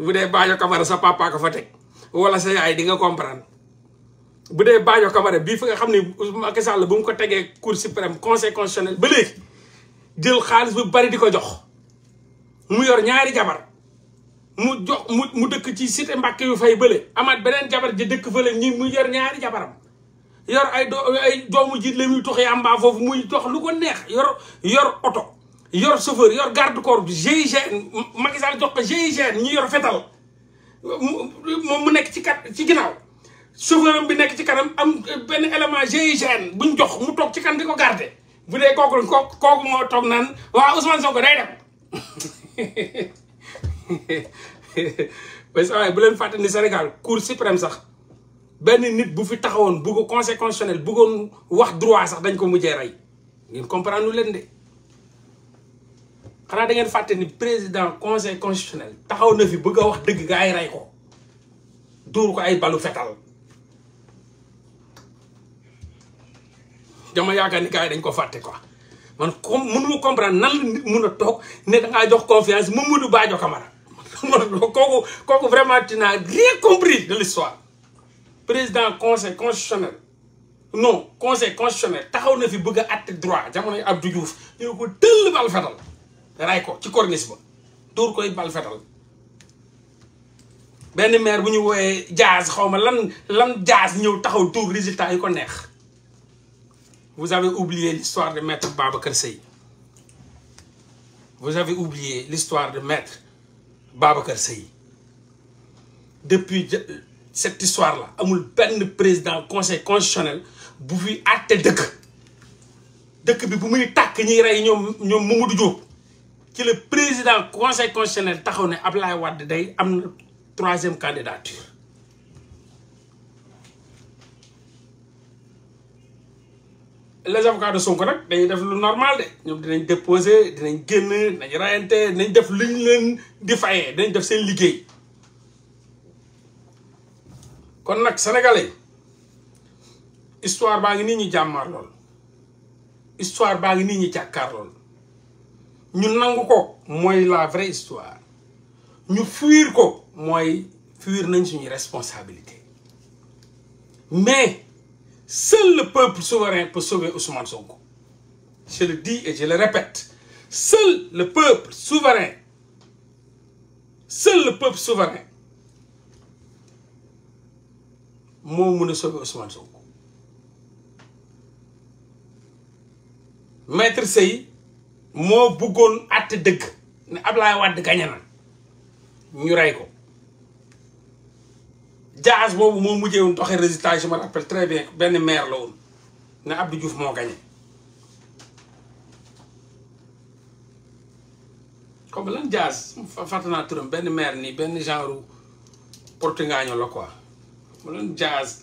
S1: bu dee baajo kamara sa papa ko fa teg wala sa yaay di nga comprendre bu dee baajo kamara bi fi nga xam ne Macky Sall bu mu ko tegee cour suprême conseil constitutionnel ba léegi jël xaalis bu bari di ko jox mu yor ñaari jabar mu jox mu mu dëkk ci cité Mbàkke yu fay bële amaat beneen jabar ji dëkk fële ñi mu yor ñaari jabaram yor ay doo ay doomu jiit la muy tux yàmbaa foofu muy jox lu ko neex yor yor oto yor chauffeur yor garde corps bi GIGN Macky Sall jox ko GIGN ñu yor fetal moom mu nekk ci kat ci ginnaaw chauffeur am bi nekk ci kanam am euh, benn élément GIGN bu ñu jox mu toog ci kan di ko garde bu dee kooku kooku moo toog naan waa Ousmane Sonko day dem mais saa leen fàtte ni Sénégal cour suprême sax benn nit bu fi taxawoon bu ko conseil constitutionnel bëggoon wax droit sax dañ ko mujjee rey ngeen comprend lu leen de. xanaa da ngeen fàtte ni président conseil constitutionnel taxaw na fi bëgg a wax dëgg gaa yi rey ko dóor ko ay balu fetal dama yaakaar ni gaa yi dañ ko fàtte quoi man comme mënuma comprendre nan mun a toog ne da ngaa jox confiance Mamadou Badio Camara man kooku kooku vraiment tu n'as rien compris de l'histoire président conseil constitutionnel non conseil constitutionnel taxaw na fi bëgg a àtte droit jamono Abdou Diouf ñu ko tëll balu fetal ray ko ci corniche ba dóor koy bal fetal Ben, mère bu ñu Jazz, jaas xaw ma lan lan Jazz ñëw taxaw tour résultat yu ko neex vous avez oublié l'histoire de maître Babacar Sey. vous avez oublié l'histoire de maître Babacar Sey. depuis euh, cette histoire là amul ben président conseil constitutionnel bu fi àtte deuk deuk bi bu muy tak ñi ray ñom ñom Mamadou Diop ci le président conseil constitutionnel taxaw ne Ablaye Wade day am na troisième candidature les avocats de Sonko nak dañuy def lu normal de ñoom dinañ déposer dinañ génn dinañ rayanté dinañ def lu leen di fayé dinañ def sen liggéey kon nak sénégalais histoire baa ngi nii ñu jamar lool histoire baa ngi nii ñu jàkkaar lool nous n'avons pas, la vraie histoire Nous fuir ko fuir responsabilité mais seul le peuple souverain peut sauver Ousmane Sonko je le dis et je le répète seul le peuple souverain seul le peuple souverain peut sauver Ousmane Sonko maître Seyi, moo bëggoon àtte dëgg ne Ablaye Wade gañe na ñu rey ko jaas boobu moo mujjee woon doxee résultat je me rappelle très bien benn maire la woon ne Abdou Diouf moo gañe comme lan jaas fàtte turam benn maire nii benn genre portugaaño la quoi mu lan jaas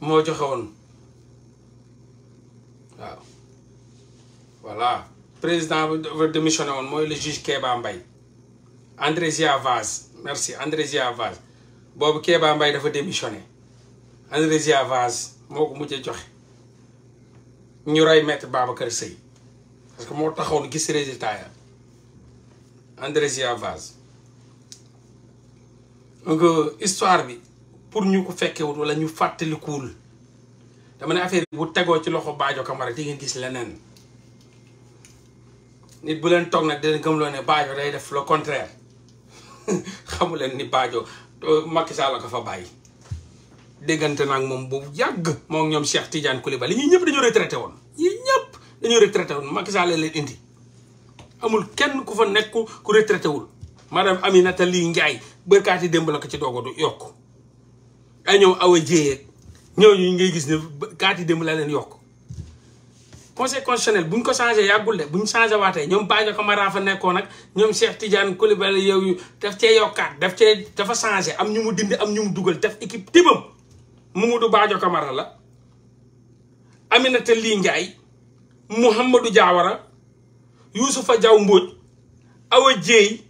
S1: moo joxe woon waaw voilà président bi dafa démissionné woon mooy le juge Kéba Mbaye Andrésia Vaz merci Andrésia Vaz boobu Kéba mbay dafa démissionné Andrésia Vaz moo ko mujjee joxe ñu rey maître Babacar Seye parce que moo taxoon gis résultat ya Andrésia Vaz donc histoire bi pour ñu ko fekkewut walla ñu fàttalikul dama ne affaire bu tegoo ci loxo Badio Camara di nga gis leneen nit bu leen toog nag dina gëmloo ne Badio day def le contraire xamu leen ni Badio euh, Macky Sall la ko fa bàyyi. déggante nag moom bu jàgg moom ñoom Cheikh Tidiane Coulibaly ñii ñëpp dañoo retraité woon ñii ñëpp dañoo retraité woon Macky Sall leen indi amul kenn ku fa nekk ku retraité wul madame Aminata Ly Ndiaye bërkaati démb la ko ci doogo du yokk ay ñoom awa jéyeeg ñooñu ngay gis ne kaati démb la leen yokk conseil constitutionnel bu ñu ko changé yàggul de bu ñu changé waatee ñoom Badio Camara fa nekkoon ak ñoom Cheikh Tidiane Coulibaly yow yu daf cee yokkaat daf cee dafa changé am ñu mu dindi am ñu mu dugal def équipe tibam Mamadou Badio Camara la Aminata Ly Ndiaye Mouhamadou Diawara Youssoufa Diaw Mbodj Awa Dieye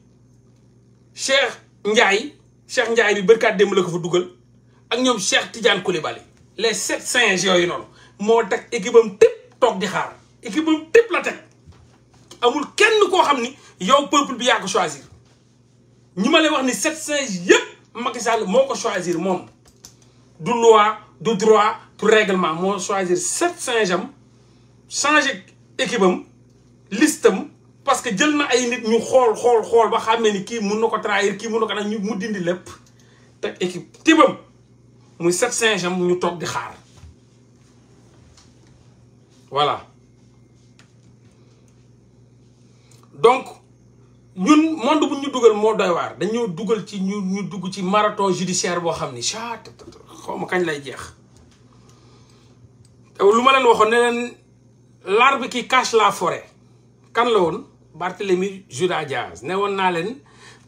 S1: Cheikh Ndiaye Cheikh Ndiaye bi bërkaat démb la ko fa dugal ak ñoom Cheikh Tidiane Coulibaly les sept singes yooyu noonu moo tax équipe tëb tok di xaar équipe boobu tépp la teg amul kenn ko xamni yow peuple bi yaa ko choisir ñi lay wax ni 700 yépp yëpp Macky Sall moo choisir mom du loi du droit pour règlement mo choisir 700 jam changer changé équipe liste parce que djelna ay nit ñu xol xol xol ba xàmmee ni kii mun na ko trahir ki mun na ko nag ñu mu dindi lépp teg équipe tibam muy 700 jam ñu tok di xaar voilà donc ñun monde bu ñu dugal moo doy waar dañoo dugal ci ñu ñu dugg ci marathon judiciaire bo xam ni chat xaw ma kañ lay jeex lu ma leen waxoon ne l'arbre qui cache la forêt kan la woon Barthélemy Juda Diaz ne woon naa leen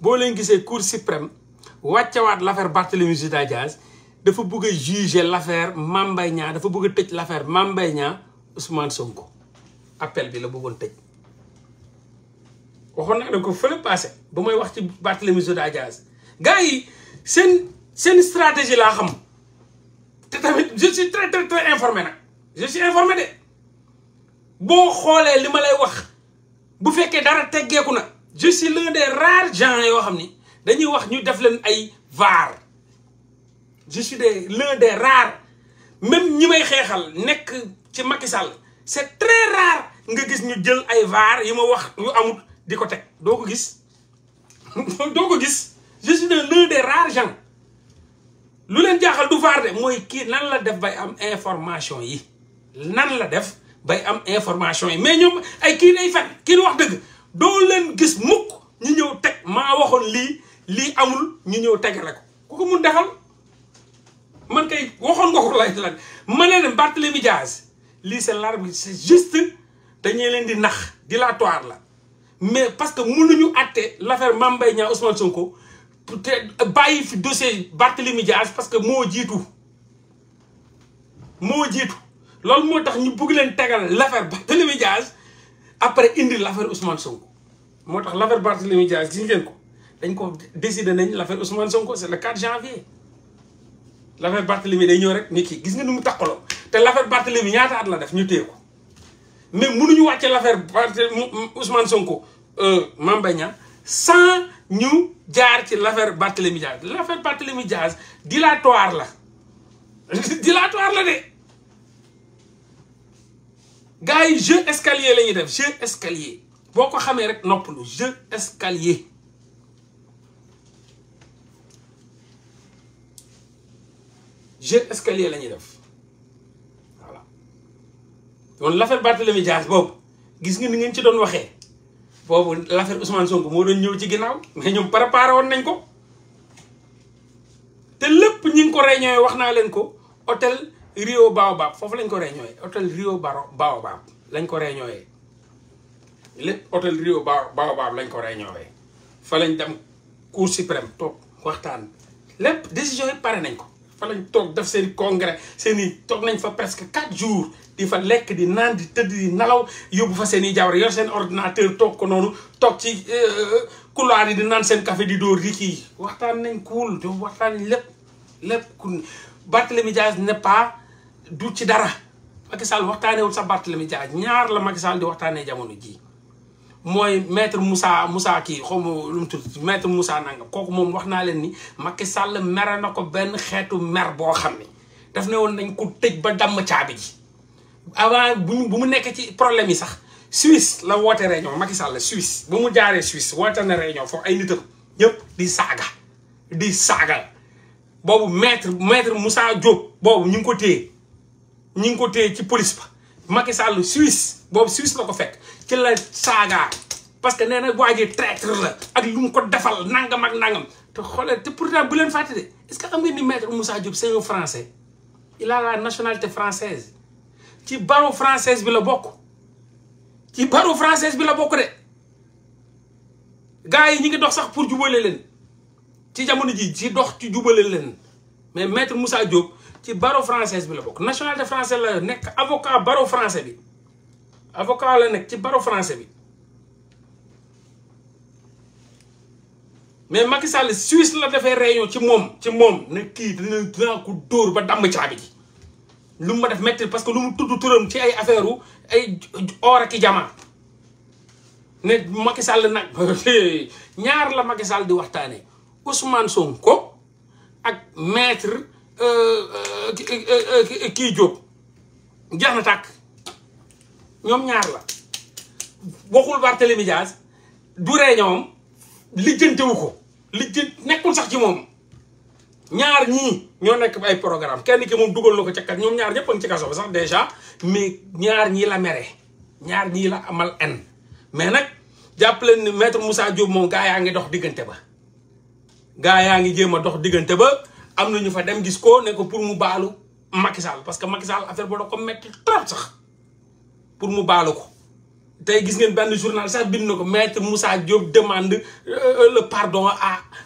S1: boo leen cour suprême wàccewaat l'affaire Barthélemy Juda Diaz dafa bëgg juger l'affaire Mame Mbaye Niang dafa bëgg a l'affaire Mame Mbaye Ousmane Sonko appel bi la bëggoon tëj waxoon naa ne ko fële passé ba may wax ci Barthélémy Dias gars yi seen seen stratégie laa xam te tamit je suis très très très informé nag je informé de boo xoolee li ma lay wax bu fekkee dara teggeeku na je suis l'un des rares gens yoo xam ni dañuy wax ñu def leen ay vaar je de des l'un des rares même ñi may xeexal nekk ci Macky Sall c'est très rare nga gis ñu jël ay vaar yi ma wax yu amul di ko teg doo ko gis doo ko gis je suis l'un des rares lu leen jaaxal du vaar de mooy kii nan la def bay am information yi nan la def bay am information yi mais ñoom ay kii day fen kii wax dëgg doo leen gis mukk ñu ñëw teg maa waxoon lii lii amul ñu ñëw tegale ko ku ko mun defal man kay waxoon nga ko lay la ma ne Barthélémy Diaz c'est l'arbitre c'est juste dañuy leen di dilatoire la mais parce que mënuñu àtte l'affaire Mame Mbaye Ousmane Sonko te bàyyi fi dossier Barthélémy Diaz, parce que moo dit. moo jiitu loolu moo dit. ñu bugg leen tegal l'affaire Barthélémy Diaz après indi l'affaire Ousmane Sonko moo l'affaire Barthélémy Diaz gis ngeen ko dañ ko décider nañ l'affaire Ousmane Sonko c'est le 4 janvier l'affaire Barthélémy day ñëw rek nit ki gis nga nu et l'affaire Barthélemy ñaata at la def ñu fait. mais l'affaire Ousmane Sonko euh, sans nous jaar l'affaire Barthélemy Diaz l'affaire Barthélemy Diaz dilatoire dilatoire la gars je escalier la def Je escalier boo ko Je escalier Je escalier la donc l'affaire Barthélemy Dias boobu gis nga ni ngeen ci doon waxee boobu l'affaire Ousmane Sonko moo doon ñëw ci ginnaaw mais ñoom préparé woon nañ ko te lépp ñi ngi ko réunion wax naa leen ko hôtel Rio Baobab foofu lañ ko réunion hôtel Rio Baobab lañ ko réunion lépp hôtel Rio Baobab lañ ko réunion fa lañ dem cour suprême toog waxtaan lépp décision yi pare nañ ko fa lañ toog def seen congre seen i toog nañ fa presque quatre jours di fa lekk di naan di tëdd di nalaw yóbbu fa seen i jabar yor seen ordinateur toog ko noonu toog ci euh, euh, couloir yi di naan seen café di dóor di kii waxtaan nañ kuul do waxtaan lépp lépp ku Barthélemy Dias ne pas du ci dara Macky Sall waxtaaneewul sax Barthélemy Dias ñaar la Macky di waxtaanee jamono jii mooy maître Moussa musaa kii xaw ma lu mu tudd maître Moussa kooku moom wax naa leen ni Macky Sall mere na ko benn xeetu mer boo xam ne def ne woon nañ ko tëj ba damm caabi ji avant bu bu mu nekkee ci problème yi sax Suisse la woote réunion Macky Sall la Suisse ba mu jaaree Suisse woote na réunion foofu ay nitam ñëpp di saaga di saaga boobu maître maître Moussa Diop boobu ñu ngi ko téye ñu ngi ko téye ci police ba Macky Sall Suisse boobu Suisse la ko fekk ci la saaga parce que nee na waa ji traître la ak lu mu ko defal nangam ak nangam te xoolee te pourtant bu leen fàtte de est que xam ngeen ni maître Moussa Diop c'est un français il a la nationalité française ci barreau française bi la bok ci française bi la de gars ñi ngi dox sax pour jubale leen ci jamono ji ci dox ci mais maître Moussa Diop ci barreau française bi la bokk nationalité française la nek avocat barreau français bi avocat la qui ci barreau français bi mais Macky Sall Suisse la réunion ci ci ne ko ba lu mu ma def métti parce que lu mu tudd turam ci ay affaire u ay or ak i jamaa ne Macky nag ñaar la Macky Sall di waxtaanee Ousmane ko ak maître euh, euh, euh, kii Diop jeex na tàkk ñoom ñaar la waxul Barthélémy Dias du ree ñoom lijjantewu ko lijjant nekkul sax ci moom ñaar ñii ñoo nekk ay programme kenn ki moom dugal na ko ca kat ñoom ñaar ñëpp a ngi ci kaso bi sax déjà mais ñaar ñii la mere ñaar ñii la amal en mais nag jàpp leen ni maître Moussa Diop moom gaa yaa ngi dox diggante ba gaa yaa ngi jéem a dox diggante ba am na ñu fa dem gis ko ne ko pour mu baalu Macky Sall parce que Macky Sall affaire ba da ko metti trop sax pour mu baalu ko. tey gis ngeen benn journal sax bind na ko maître Moussa Diop demand euh, euh, le pardon a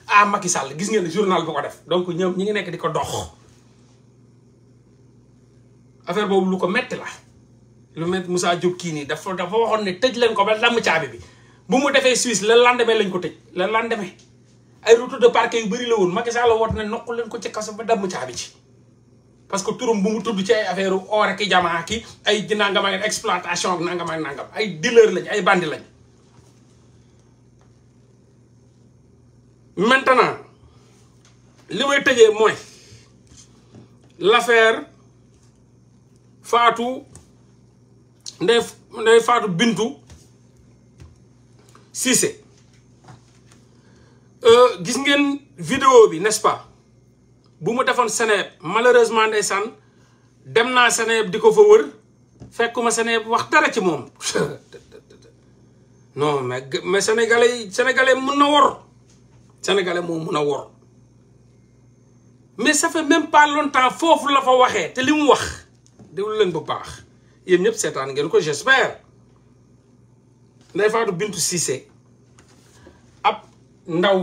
S1: à Macky Sall gis ngeen journal bu ko def donc ñëw ñu ngi nekk di ko dox affaire boobu lu ko metti la lu maître Moussa Diop kii nii dafa dafa waxoon ne tëj leen ko ba lamm caabi bi bu mu defee Suisse le lendemain lañ ko tëj le lendemain ay retour de parquet yu bëri la woon Macky Sall woot ne nokk leen ko ci kaso ba damm caabi ci parce que turam bu mu tudd ci ay affaire or ak jamaa ki ay nangam ak exploitation ak nangam ak ay dealer lañ ay bandi lañ maintenant li may tëjee mooy l'affaire Fatou Ndeye Ndeye Fatou Bintou euh, gis ngeen vidéo bi n'est-ce pas malheureusement ndeysaan dem naa fa wër fekkuma wax dara ci non mais sénégalais sénégalais wor sénégalais mo wor mais ça fait même pas longtemps fofu la fa te limu wax leen bu baax ñep ngeen ko j'espère Ndeye Fatou Bintou Cissé ndaw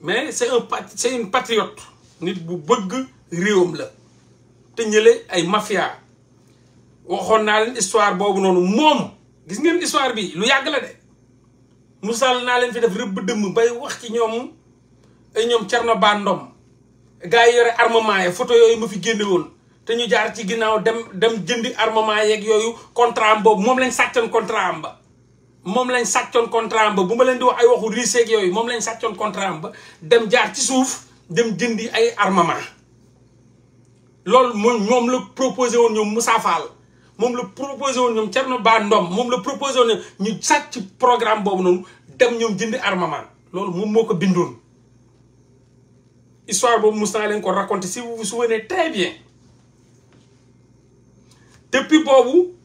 S1: mais c'est un c'est une patriote nit bu bëgg réewam la te ñële ay mafia waxoon naa leen histoire boobu noonu moom gis ngeen histoire bi lu yàgg la de musal naa leen fi def rëbb dëmm bay wax ci ñoom ay ñoom Thierno Ba Ndom yi yore armement yi photo yooyu ma fi génne woon te ñu jaar ci ginnaaw dem dem jëndi armement yeeg yooyu contrat boobu moom lañ sàccoon contrat am ba moom lañ sàccoon contrat am ba bu ma leen di wax ay waxu riseeg yooyu moom lañ sàccoon contrat am ba dem jaar ci suuf dem jëndi ay armement loolu moom la proposé woon ñoom Moussa Fall moom la proposé woon ñoom Thierno Ba Ndom moom la proposé woon ñu sàcc programme boobu noonu dem ñoom jënd armement loolu moom moo ko bindoon histoire boobu mos naa leen ko raconté si vous vous souvenez très bien depuis boobu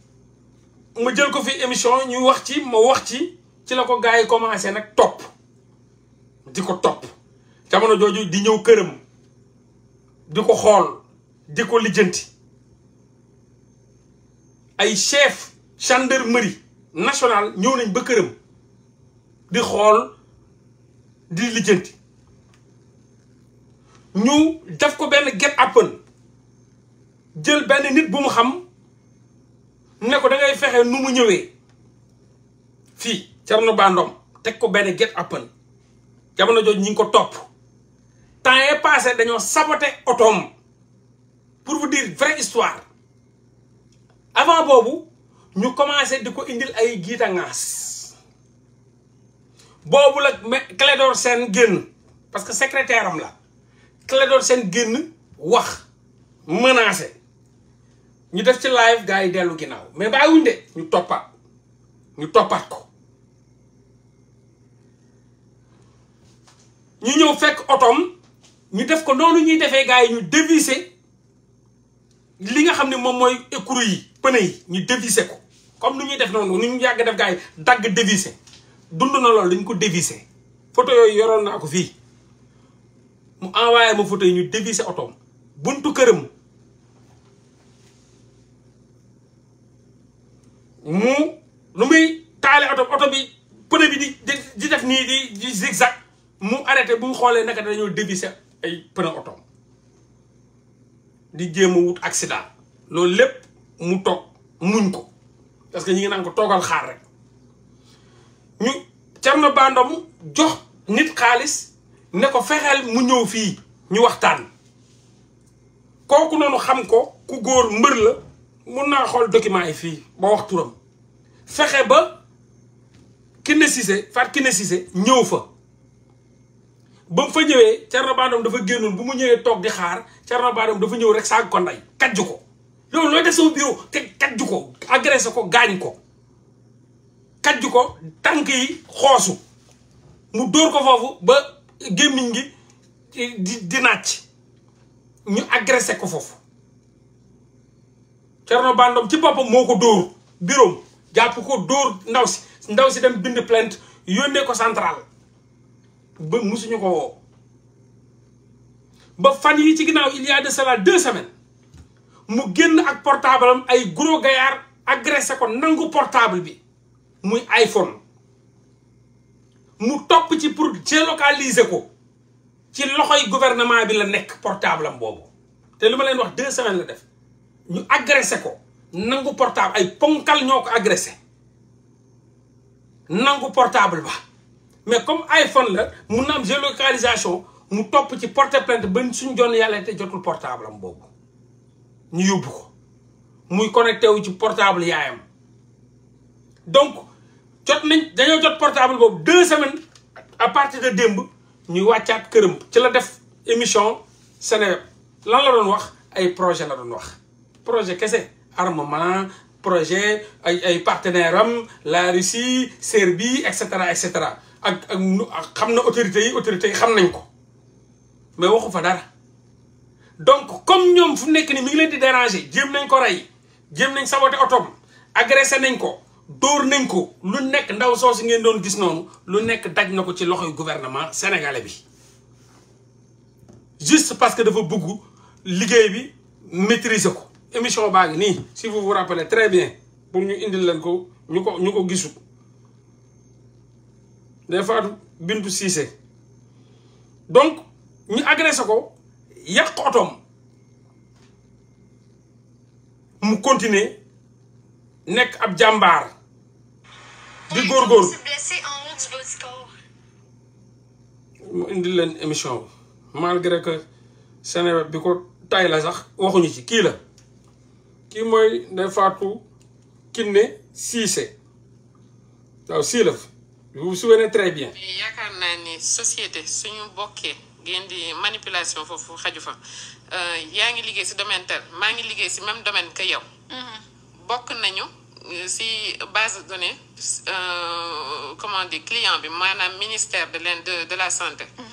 S1: ma jël ko fi émission ñu wax ci ma wax ci ci la ko gars yi commencé nag topp di ko topp jamono jooju di ñëw këram di ko xool di ko lijjanti ay chef gendarmerie national ñëw nañ ba këram di xool di lijjanti ñu def ko benn get appen jël benn nit bu mu xam ne ko da ngay nu mu ñëwee fii Thierno Ba Ndom teg ko benn get appen jamono jooju ñu ngi ko topp temps est passé dañoo saboté otoom pour vous dire vraie histoire avant boobu ñu commencé di ko indil ay giita ŋaas boobu la Clédor seen génn parce que secrétaire am la seen génn wax menacé ñu def ci live gars yi dellu ginnaaw mais bàyyiwuñ de ñu toppaat ñu toppaat ko ñu ñëw fekk otoom ñu def ko noonu ñuy defee gars yi ñu dévisser li nga xam ne moom mooy écrou yi pneu yi ñu dévisser ko comme lu ñuy def noonu nu ñu yàgg def gars yi dagg dévisser dund na loolu dañ ko dévisser photo yooyu yoroon naa ko fii mu envoyé ma foto yi ñu dévisser otoom buntu këram mu lu muy taale oto oto bi pëne bi di di def nii di di zigzag mu arrêté bu xoolee naka dañoo dévisser ay pëne oto di jéem a wut accident loolu lépp mu toog muñ ko parce que ñu ngi naan ko toogal xaar rek ñu Thierno Ba Ndom jox nit xaalis ne ko fexeel mu ñëw fii ñu waxtaan kooku noonu xam ko ku góor mbër la mun naa xool document yi fii ba wax turam fexe ba Kiné Cissé Fatou Kiné Cissé ñëw fa ba mu fa ñëwee Thierno Badom dafa génnoon bu mu ñëwee toog di xaar Thierno Badom dafa ñëw rek saag ko nday kajju ko yow looy def sama bureau te kajju ko agressé ko gaañ ko kajju ko tànk yi xoosu mu dóor ko foofu ba gémmiñ gi di di naaj ñu agressé ko foofu Thierno Bandom ci boppam moo ko dóor biroom jàpp ko dóor ndaw si ndaw si dem bind plainte yónnee ko central ba musuñu ko woo ba fan yi ci ginnaaw il y a de cela deux semaines mu génn ak portable am ay gros gaillard agressé ko nangu portable bi muy iPhone mu topp ci pour géolocaliser ko ci loxoy gouvernement bi la nekk portable am boobu te li ma leen wax deux semaines la def ñu agressé ko nangu portable ay ponkal ñoko agresser agressé nangu portable ba mais comme iPhone la mun na am géolocalisation mu top ci porter plainte ba suñ jonne yalla té jotul portable am bobu ñu yobbu ko muy connecté wu ci portable yaayam donc jot nañ dañu jot portable bobu deux semaines à partir de demb ñu wàccaat kërëm ci la def émission sénégal lan la doon wax ay projet la doon wax projet qu'est-ce armement projet ay partenaire la Russie Serbie etc. etc. yi autorité yi ko mais waxu fa donc comme nous fu nek ni mi ngi leen di déranger nañ ko ray nañ saboté otom agresser nañ ko nañ ko lu ndaw ngeen doon gis lu daj ci gouvernement sénégalais juste parce que dafa liggéey bi maîtriser émission si vous vous rappelez très bien pour nous ko nous gisu nous bintu cissé donc ñu agressé ko nous mu continuer nous ab jambar di nous mu indil émission malgré que sénégal biko tay la sax ci kii mooy ne Fatou Kiné Cissé waaw Silef vous vous souvenez très bien.
S2: yaakaar naa ni société suñu bokkee ngeen di manipulation foofu xaju fa euh, yaa ngi liggéey si domaine tel maa ngi liggéey si même domaine que yow. Mhm. bokk nañu euh, si base de données euh, comment dire client bi maanaam ministère de l' de la santé. Mhm.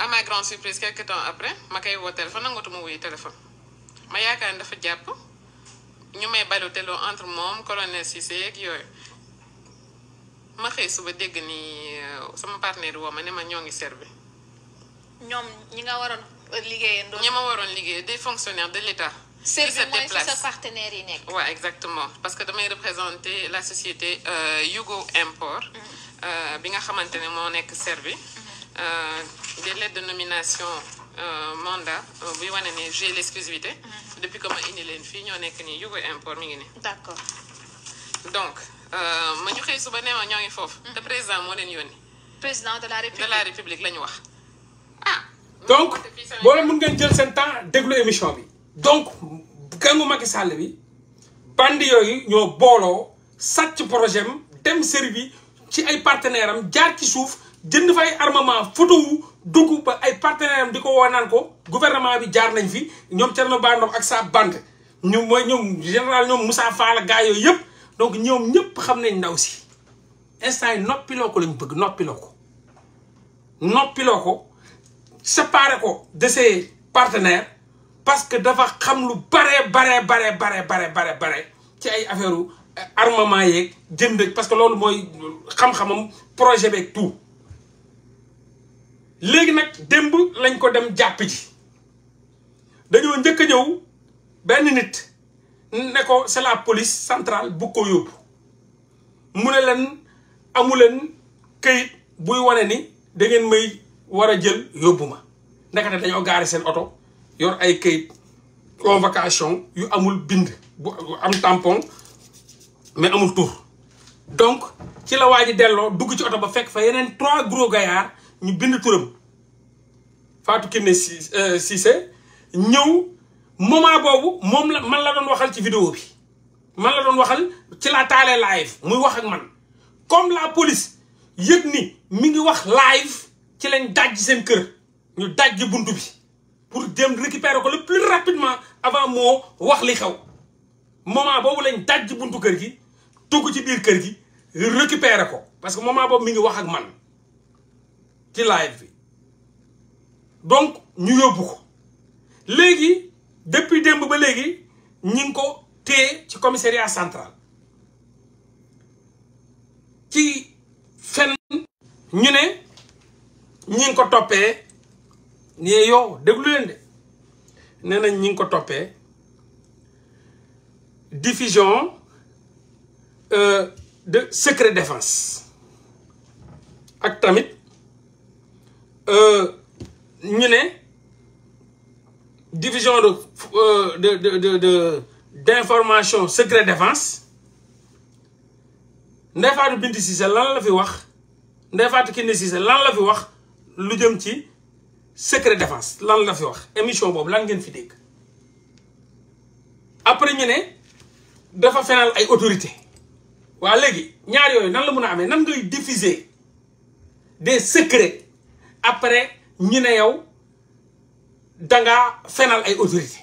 S2: à ma grande surprise quelque temps après ma koy woo téléphone nangatuma wuyu téléphone ma yaakaar ne dafa jàpp ñu may baloteloo entre moom colonel Cissé yeeg yooyu ma xëy suba dégg ni euh, sama partenaire woo ma ne ma ñoo ngi servi ñoom ñi nga waroon liggéeyandoo. ñi ma waroon liggéey des fonctionnaires de l'État. service mooy ça, sa partenaire yi nekk. waaw exactement parce que damay représenter la société euh, Yugo Import. Mm-hmm. Euh, bi nga xamante ne moo nekk servi. Mm-hmm des lettres de nomination euh, mandat on euh, wane ne j'ai l'exclusivité mhm. depuis que ma indi leen fii ñoo nekk ni yu koy import mi ngi nii. d'accord donc euh, ma ñu xëy suba nee ma ñoo ngi foofu. Mhm. te président moo leen yónni. président de la république de la république la ñu wax.
S1: ah. donc boole mun ngeen jël seen temps déglu émission bi. donc gangu Macky Sall bi bandi yooyu ñoo booloo sàcc projet dem Serbie ci ay partenaires am jaar ci suuf jënd fay armement photo wu. Donc, par ay partenaires gouvernement bi jaar nañ fi bande général donc nous xam nañ de ses partenaires parce que armement parce que projet tout léegi nag démb lañ ko dem jàpp ji dañoo njëkk a ñëw benn nit ne ko la police centrale bu ko yóbbu mu ne leen amu leen këyit buy wane ni da ngeen may war a jël yóbbu ma ndekete dañoo gaari seen oto yor ay këyit convocation yu amul bind bu am tampon mais amul tur donc ci la waa ji delloo dugg ci oto ba fekk fa yeneen trois gros gaillards ñu bind turam Fatou Kiné euh, Cissé ñëw moment boobu moom la man la doon waxal ci vidéo bi man la doon waxal ci la taalee live muy wax ak man comme la police yëg ni mi ngi wax live ci lañ dajj seen kër ñu dajj buntu bi pour dem récupérer ko le plus rapidement avant moo wax li xew moment boobu lañ dajj buntu kër gi dugg ci biir kër gi récupérer ko parce que moment boobu mi ngi wax ak man ci live bi donc ñu yóbbu ko depuis demb ba légui ñi ngi ko té ci commissariat central ci fenn ñu ne ñi ngi ko topé ne yo déglu len dé né nañ ñi ngi ko toppee diffusion euh, de secret défense ak tamit euh, division de euh, de secret défense Nous avons décidé de lan la fi wax de l'enlever. lan la fi wax secret défense lan la fi wax émission lan ngeen fi après ñu né dafa ay autorité wa légui ñaar diffuser des secrets après ñu ne yow dangaa fénal ay autorité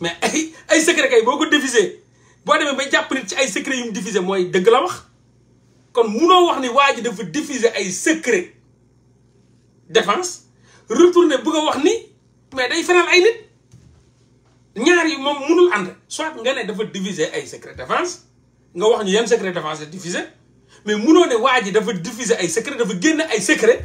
S1: mais ay ay secret kay boko diffuser bo boo demee ba jàpp nit ci ay secret yu diffuser moy deug la wax kon mëno wax ni waji dafa diffuser ay secret défense retourner bëgg wax ni mais day fénal ay nit ñaar yi mom mënul and soit nga né dafa diffuser ay secret défense nga wax ñu yan secret défense diffuser mais mëno né waji dafa diffuser ay secret dafa génn ay secret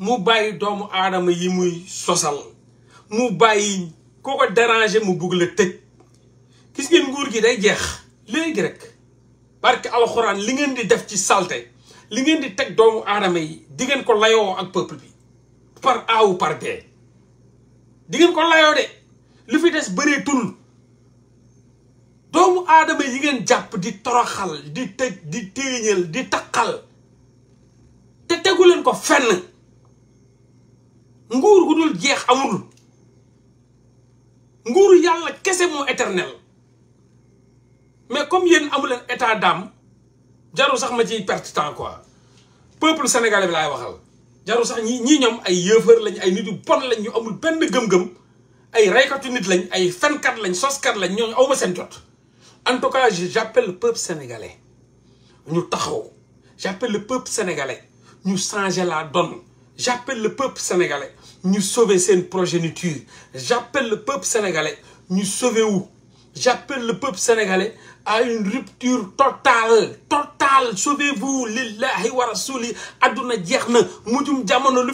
S1: mu domu doomu adama yi muy sosal mu bayyi koko déranger mu bugg la gis ngeen nguur gi day jeex léegi rek barke li ngeen di def ci salte li ngeen di tek doomu adama yi di ngeen ko layo ak peuple bi par A ou par B di ngeen ko layo de lu fi beure tul doomu adama yi ngeen japp di toroxal di tek di téeñal di takal, te tegulen ko fenn nguur gu jeex amul nguuru yalla kesse éternel mais comme il un état d'âme sax ma ci perte temps quoi peuple sénégalais bi waxal jarul sax ñi gens ay yeufeur lañ ay nitu bon lañ ñu amul benn gëm-gëm ay nit lañ en tout cas j'appelle le peuple sénégalais ñu taxaw j'appelle le peuple sénégalais Nous changer la donne j'appelle le peuple sénégalais nous sauver cette progéniture j'appelle le peuple sénégalais Nous sauver où j'appelle le peuple sénégalais à une rupture totale totale sauvez-vous lillahi wa Rasouli, Aduna jeex na mujum jamono lu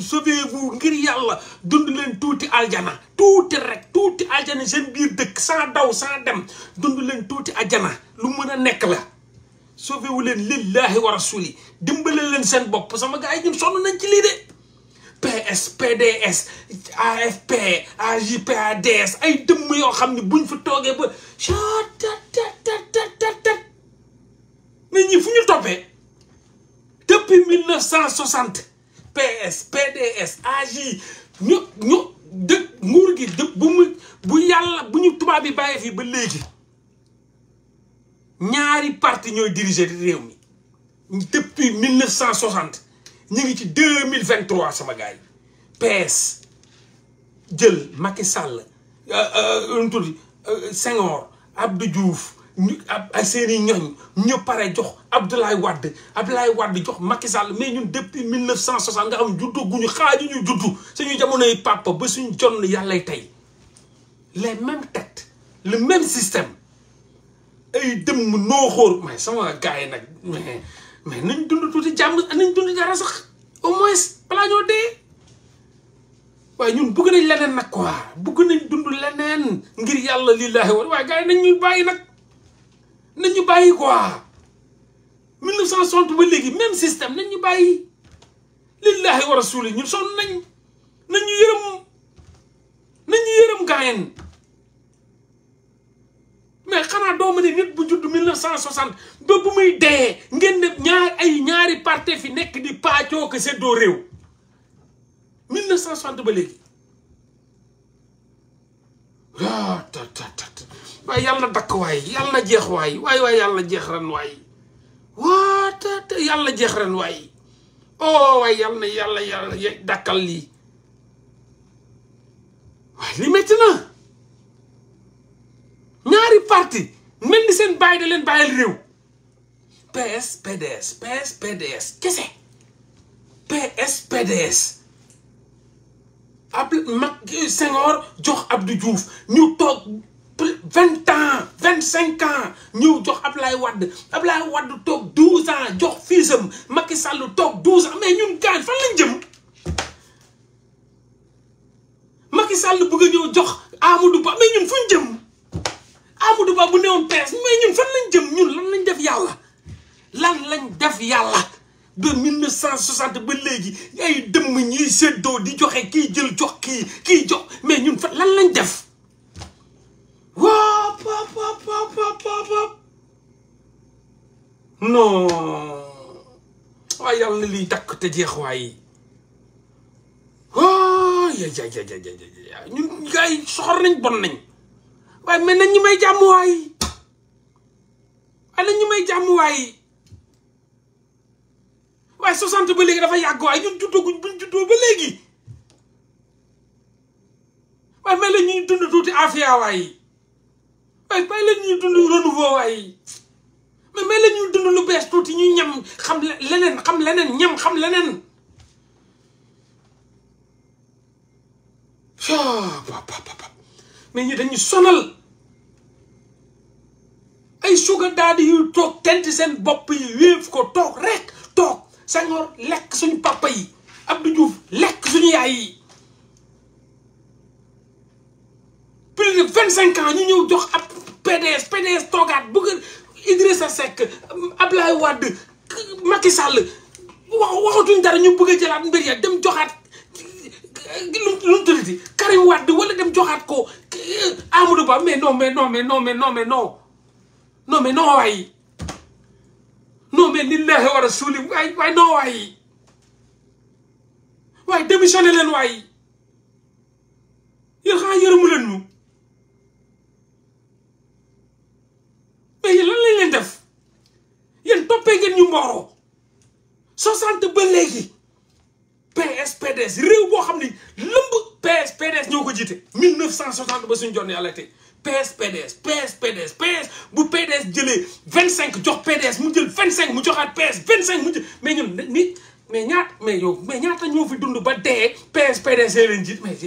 S1: sauvez-vous ngir yàlla dund Ajana touti aljana Touti rek Touti aljana seen de Ksanda sans daw sans dem dund leen tuuti aljana lu sauvez-vous leen lillahi wa Rasouli, dimbale leen pour ça sama gars yi PS PDS AFP AJPADS ay dëmm yoo xam ne buñ fa toogee ba catatatatatat mais ñi fu ñu toppee depuis mille neuf cent soixante PS PDS AJ ñu ñu dëkk nguur gi bu mu bu yàlla bu ñu tubaab yi bàyyee fii ba léegi ñaari parti ñooy diriger réew mi depuis mille neuf cent soixante ni ngi 2023 deux mille sama gars PS jël Macky Sall euh, euh tudd euh, Senghor Abdou Abdoujouf, ñu ab seen i ñoñ ñu pare jox Abdoulaye Wade Abdoulaye Wade jox Macky Sall mais ñun depuis mille neuf cent soixante nga xam juddu guñu xaaju ñu juddu suñu jamonoy papa ba suñu jonn yàllay tey les mêmes têtes le même système ay dem nooxóor mais sama gars yi nag mais nañ dund tuuti jàmm nañ dund dara sax au moins balaa ñoo dee waaye ñun bëgg nañ leneen nag ko bëgg nañ dund leneen ngir yàlla lillaahi wa waaye gars yi nañ ñuy bàyyi nag nañ ñu bàyyi quoi 1960 ba léegi même système nañ ñu bàyyi lillaahi wa rasuuli ñun sonn nañ nañ ñu yërëm nañ ñu yërëm gaayen mais xanaa doo ma ne nit bu judd 1960 ba bu muy dee ngeen ne ay ñaari parte fi nekk di paacoo ko seddoo réew 1960 ba léegi ah ta ta ta waaye yàlla dakk waay yàlla na jeex waaye waay yàlla jeex ren waay waa ta yàlla jeex waay oh yàlla na yàlla yàlla dakkal lii waay li métti na. gars yi da leen bàyyil réew PS PDS PS PDS kese PS PDS ab mag Senghor jox Abdou Diouf ñu toog vingt ans vingt cinq ans ñëw jox Ablaye Wade Ablaye Wade toog douze ans jox fiisam Macky Sall toog douze ans mais ñun gaañ fan lañ jëm Macky Sall bëgg ñëw jox Amadou Ba mais ñun fu jëm Amadou Ba bu neewon PS mais ñun fan lañ jëm ñun lan lañ def yalla lan lañ def yalla ba 1960 ba léegi ay dem ñi seddo di joxe ki jël jox ki ki jox mais ñun fan lan lañ def pa pa pa pa pa non ay yalla li tak te jeex way wa ya ya ya ya ñun gay yi soxor nañ bon nañ waaye mais nañ ñi may jàmm waay waaye nañ ñu may jàmm waay waaye 60 ba léegi dafa yàgg waaye ñun juddooguñ buñ juddoo ba léegi waaye may la ñuy dund tuuti afia waay waaye may la ñuy dund renouveau waay mais may la dund lu bees tuuti ñu ñam xam leneen xam leneen ñam xam leneen mais ñi dañu sonal ay sugar daddy yu toog tenti seen bopp yi wéef ko toog rek toog Senghor lekk suñu papa yi Abdou Diouf lekk suñu yaay yi plus de vingt cinq ans ñu ñëw jox ab PDS PDS toogaat bëgg Idrissa Seck Ablaye Wade Macky Sall wax waxatuñ dara ñu bëgg a jëlaat mbir ya dem joxaat lu mu tuddati Karim Wade dem joxaat ko Amadou Ba mais non mais non mais non mais non mais non non mais non waay non mais lillahi wa rasuli waay waay non waay waay démissionné leen waay yéen xanaa yërëmu leen ñu mais yéen lan def yéen toppee ngeen ñu mbooro soixante ba léegi PS réew boo xam ni lëmb PS ñoo ko jiite 1960 ba suñu jonn yàlla tey PS PDS PS PDS PS bu PDS jëlee 25 jox PDS mu jël cinq mu joxaat PS 25 mu jël mais ñun nit mais ñaat mais yow mais ñaata ñoo fi dund ba dee PS PDS leen jiit mais